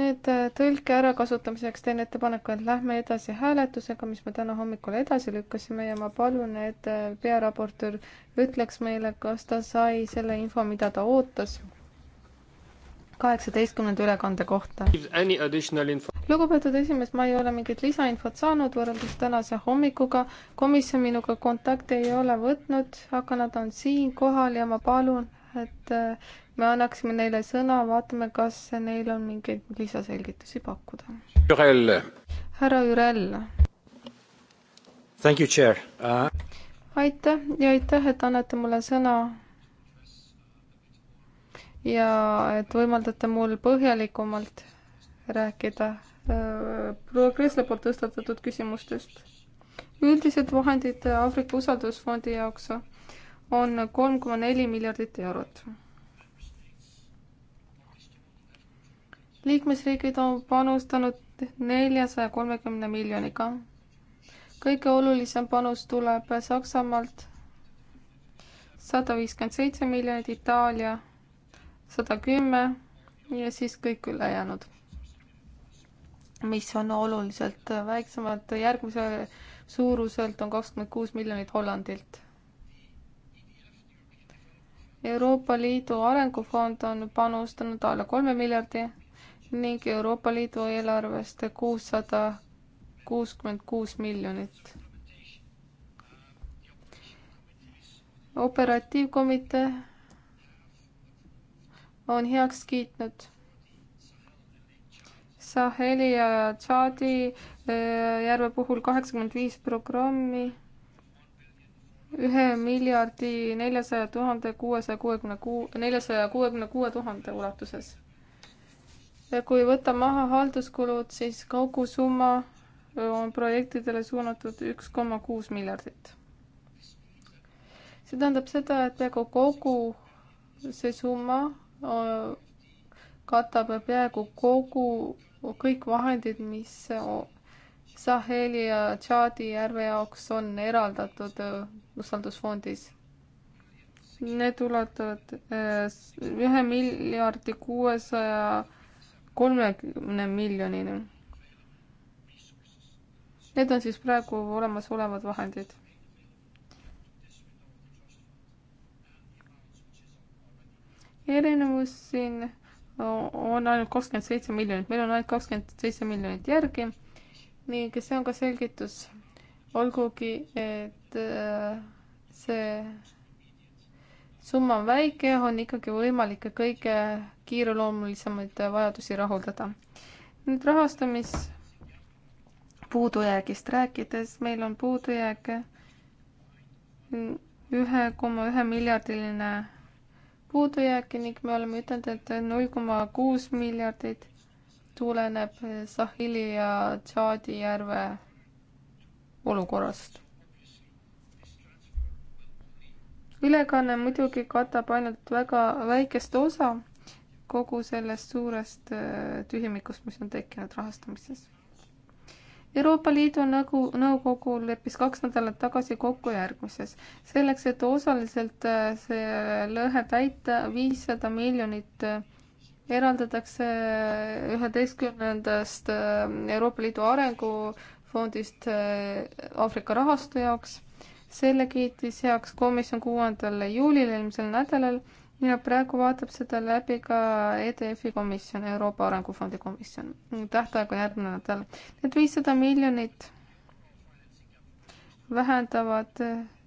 nüüd tõlke ärakasutamiseks teen ettepaneku, et lähme edasi hääletusega, mis me täna hommikul edasi lükkasime ja ma palun, et pearaportöör ütleks meile, kas ta sai selle info, mida ta ootas kaheksateistkümnenda ülekande kohta. lugupeetud esimees, ma ei ole mingit lisainfot saanud võrreldes tänase hommikuga. komisjon minuga kontakti ei ole võtnud, aga nad on siin kohal ja ma palun, et äh, me annaksime neile sõna, vaatame, kas neil on mingeid lisaselgitusi pakkuda. härra Jürel. Uh... aitäh ja aitäh, et annate mulle sõna ja et võimaldate mul põhjalikumalt rääkida äh, proua Kresla poolt tõstatatud küsimustest. üldised vahendid Aafrika usaldusfondi jaoks on kolm koma neli miljardit eurot. liikmesriigid on panustanud neljasaja kolmekümne miljoniga. kõige olulisem panus tuleb Saksamaalt sada viiskümmend seitse miljonit, Itaalia sada kümme ja siis kõik ülejäänud, mis on oluliselt väiksemad. järgmise suuruselt on kakskümmend kuus miljonit Hollandilt. Euroopa Liidu Arengufond on panustanud alla kolme miljardi ning Euroopa Liidu eelarvest kuussada kuuskümmend kuus miljonit. operatiivkomitee on heaks kiitnud Saheli ja Tšaadi äh, järve puhul kaheksakümmend viis programmi ühe miljardi neljasaja tuhande kuuesaja kuuekümne kuu, neljasaja kuuekümne kuue tuhande ulatuses. kui võtta maha halduskulud, siis kogu summa on projektidele suunatud üks koma kuus miljardit. see tähendab seda, et peaaegu kogu see summa katab peaaegu kogu, kõik vahendid, mis Saheli ja Tšaadi järve jaoks on eraldatud äh, usaldusfondis need ulatuvad äh, ühe miljardi kuuesaja kolmekümne miljonini. Need on siis praegu olemasolevad vahendid. erinevus siin on ainult kakskümmend seitse miljonit, meil on ainult kakskümmend seitse miljonit järgi ning see on ka selgitus, olgugi et äh, see summa on väike, on ikkagi võimalik kõige kiireloomulisemaid vajadusi rahuldada. nüüd rahastamispuudujäägist rääkides, meil on puudujääk ühe koma ühe miljardiline puudujääki ning me oleme ütelnud, et null koma kuus miljardit tuleneb Sahili ja Tšaadi järve olukorrast. ülekanne muidugi katab ainult väga väikest osa kogu sellest suurest eh, tühimikust, mis on tekkinud rahastamises Euroopa Liidu nõukogu, nõukogu leppis kaks nädalat tagasi kokku järgmises. selleks, et osaliselt äh, see lõhe täita, viissada miljonit äh, eraldatakse äh, üheteistkümnendast Euroopa Liidu arengufondist Aafrika rahastu jaoks. selle kiitis heaks komisjon kuuendal juulil eelmisel nädalal ja praegu vaatab seda läbi ka EDF-i komisjon, Euroopa Arengufondi komisjon. tähtaeg on järgmine nädal. Need viissada miljonit vähendavad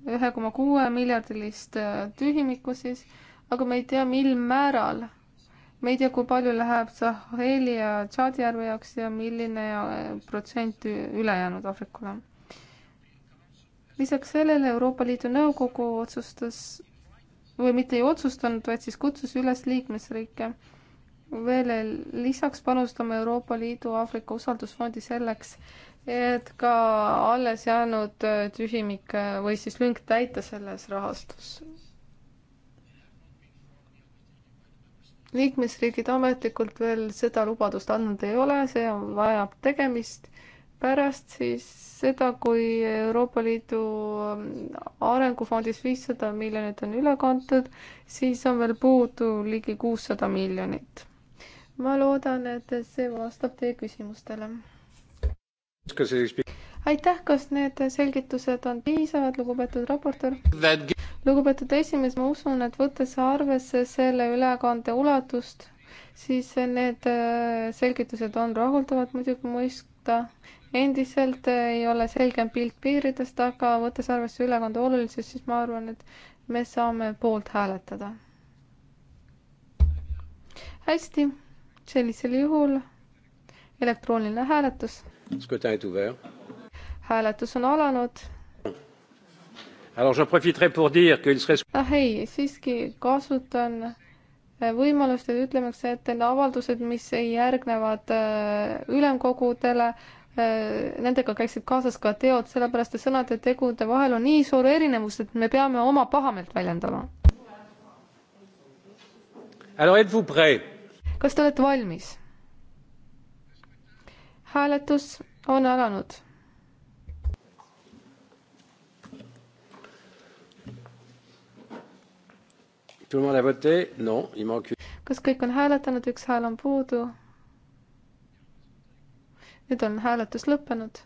ühe koma kuue miljardilist äh, tühimikku siis, aga me ei tea, mil määral. me ei tea, kui palju läheb Saheli ja Tšaadi järve jaoks ja milline äh, protsent ülejäänud Aafrikale. lisaks sellele Euroopa Liidu Nõukogu otsustas või mitte ei otsustanud, vaid siis kutsus üles liikmesriike. veel lisaks panustame Euroopa Liidu Aafrika usaldusfondi selleks, et ka alles jäänud äh, tühimik äh, või siis lünk täita selles rahastus. liikmesriigid ametlikult veel seda lubadust andnud ei ole, see vajab tegemist pärast siis seda, kui Euroopa Liidu ähm, arengufondis viissada miljonit on üle kantud, siis on veel puudu ligi kuussada miljonit. ma loodan, et see vastab teie küsimustele. aitäh, kas need selgitused on piisavad, lugupeetud raportöör? lugupeetud esimees, ma usun, et võttes arvesse selle ülekande ulatust, siis need äh, selgitused on rahuldavad muidugi mõista, endiselt eh, ei ole selgem pilt piiridest, aga võttes arvesse ülekande olulisust, siis ma arvan, et me saame poolt hääletada. hästi, sellisel juhul elektrooniline hääletus. hääletus on alanud. ah ei, siiski kasutan eh, võimalust, et ütleme, et need avaldused, mis järgnevad eh, ülemkogudele äh,, Äh, nendega käiksid kaasas ka teod, sellepärast et sõnade ja tegude vahel on nii suur erinevus, et me peame oma pahameelt väljendama. kas te olete valmis? hääletus on alanud. kas kõik on hääletanud, üks hääl on puudu? nüüd on hääletus lõppenud.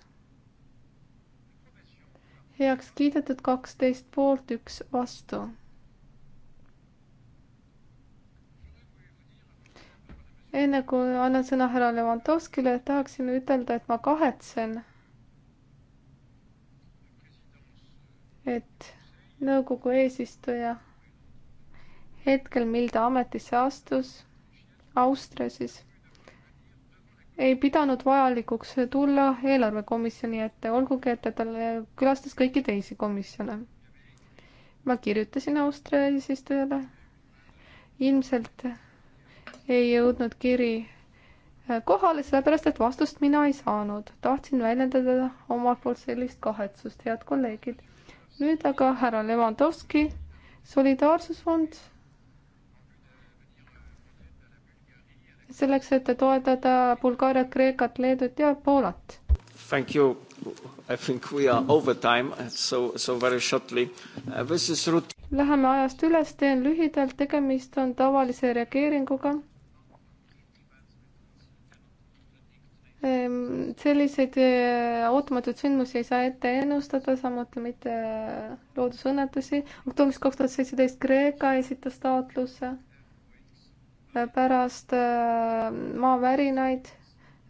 heaks kiidetud kaksteist poolt, üks vastu. enne kui annan sõna härra Levantovskile, tahaksin ütelda, et ma kahetsen, et nõukogu eesistuja hetkel, mil ta ametisse astus, Austrias siis ei pidanud vajalikuks tulla eelarvekomisjoni ette, olgugi et ta külastas kõiki teisi komisjone. ma kirjutasin Austria eesistujale. ilmselt ei jõudnud kiri äh, kohale, sellepärast et vastust mina ei saanud. tahtsin väljendada omalt poolt sellist kahetsust, head kolleegid. nüüd aga härra Levanovski, solidaarsusfond selleks, et toetada Bulgaariat, Kreekat, Leedut ja Poolat. Thank you. I think we are over time, so, so very shortly uh,. This is rut-. Läheme ajast üles, teen lühidalt, tegemist on tavalise reageeringuga ehm, selliseid eh, ootamatuid sündmusi ei saa ette ennustada, samuti mitte eh, loodusõnnetusi. oktoobris kaks tuhat seitseteist Kreeka esitas taotluse pärast äh, maavärinaid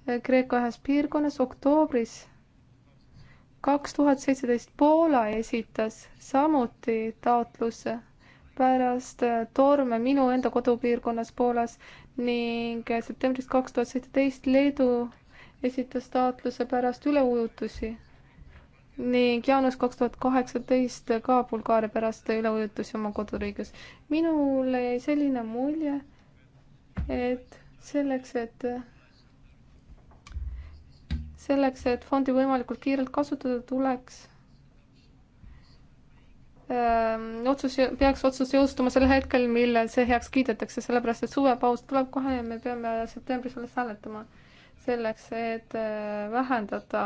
äh, Kreeka ühes piirkonnas oktoobris kaks tuhat seitseteist Poola esitas samuti taotluse pärast äh, torme minu enda kodupiirkonnas Poolas ning septembris kaks tuhat seitseteist Leedu esitas taotluse pärast üleujutusi ning jaanuaris kaks tuhat kaheksateist ka Bulgaaria pärast üleujutusi oma koduriigis. minule jäi selline mulje, et selleks, et selleks, et fondi võimalikult kiirelt kasutada, tuleks öö, ähm, otsus, peaks otsus jõustuma sel hetkel, millal see heaks kiidetakse, sellepärast et suvepaus tuleb kohe ja me peame septembris alles hääletama selleks, et äh, vähendada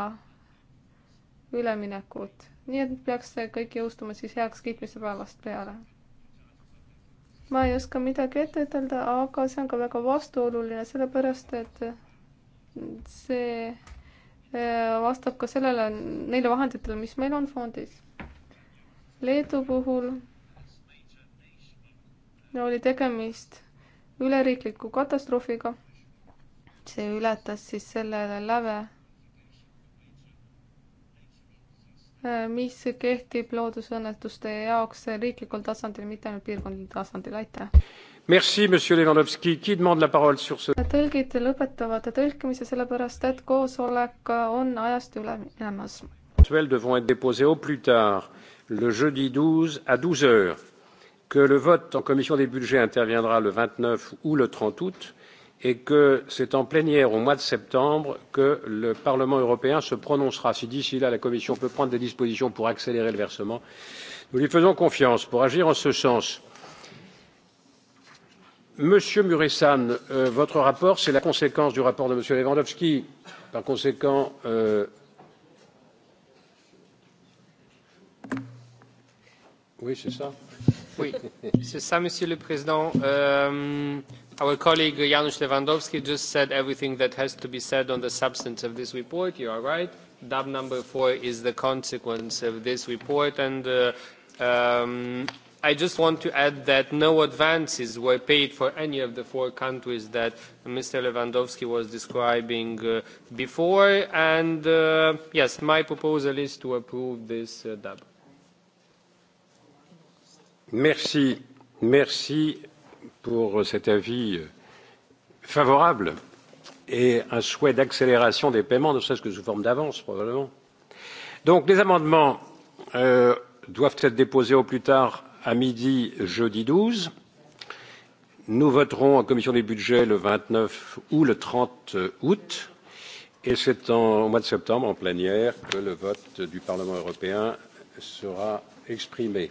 üleminekut. nii et peaks see kõik jõustuma siis heakskiitmise päevast peale ma ei oska midagi ette ütelda, aga see on ka väga vastuoluline, sellepärast et see äh, vastab ka sellele, neile vahenditele, mis meil on fondis. Leedu puhul oli tegemist üleriikliku katastroofiga. see ületas siis selle läve Äh, mis kehtib loodusõnnetuste jaoks riiklikul tasandil, mitte ainult piirkondlikul tasandil, aitäh! Merci, monsieur Levanovski, qui demande la parole sur ce? tõlgid lõpetavad tõlkimise, sellepärast et koosolek äh, on ajast üle minemas. Devront être déposés au plus tard le jeudi 12 à 12 heures, que le vote en commission des budgets interviendra le 29 ou le 30 août et que c'est en plénière au mois de septembre que le Parlement européen se prononcera. Si d'ici là la Commission peut prendre des dispositions pour accélérer le versement, nous lui faisons confiance pour agir en ce sens. Monsieur Muresan, euh, votre rapport, c'est la conséquence du rapport de Monsieur Lewandowski. Par conséquent, euh, oui, c'est ça. Oui, c'est ça, Monsieur le Président. Euh, Our colleague Janusz Lewandowski just said everything that has to be said on the substance of this report. You are right. DAB number four is the consequence of this report. And uh, um, I just want to add that no advances were paid for any of the four countries that Mr. Lewandowski was describing uh, before. And uh, yes, my proposal is to approve this uh, DAB. Merci. Merci pour euh, cet avis euh, favorable et un souhait d'accélération des paiements, ne serait-ce que sous forme d'avance probablement. Donc les amendements euh, doivent être déposés au plus tard à midi jeudi 12. Nous voterons en commission des budgets le 29 ou le 30 août. Et c'est en, au mois de septembre, en plénière, que le vote du Parlement européen sera exprimé.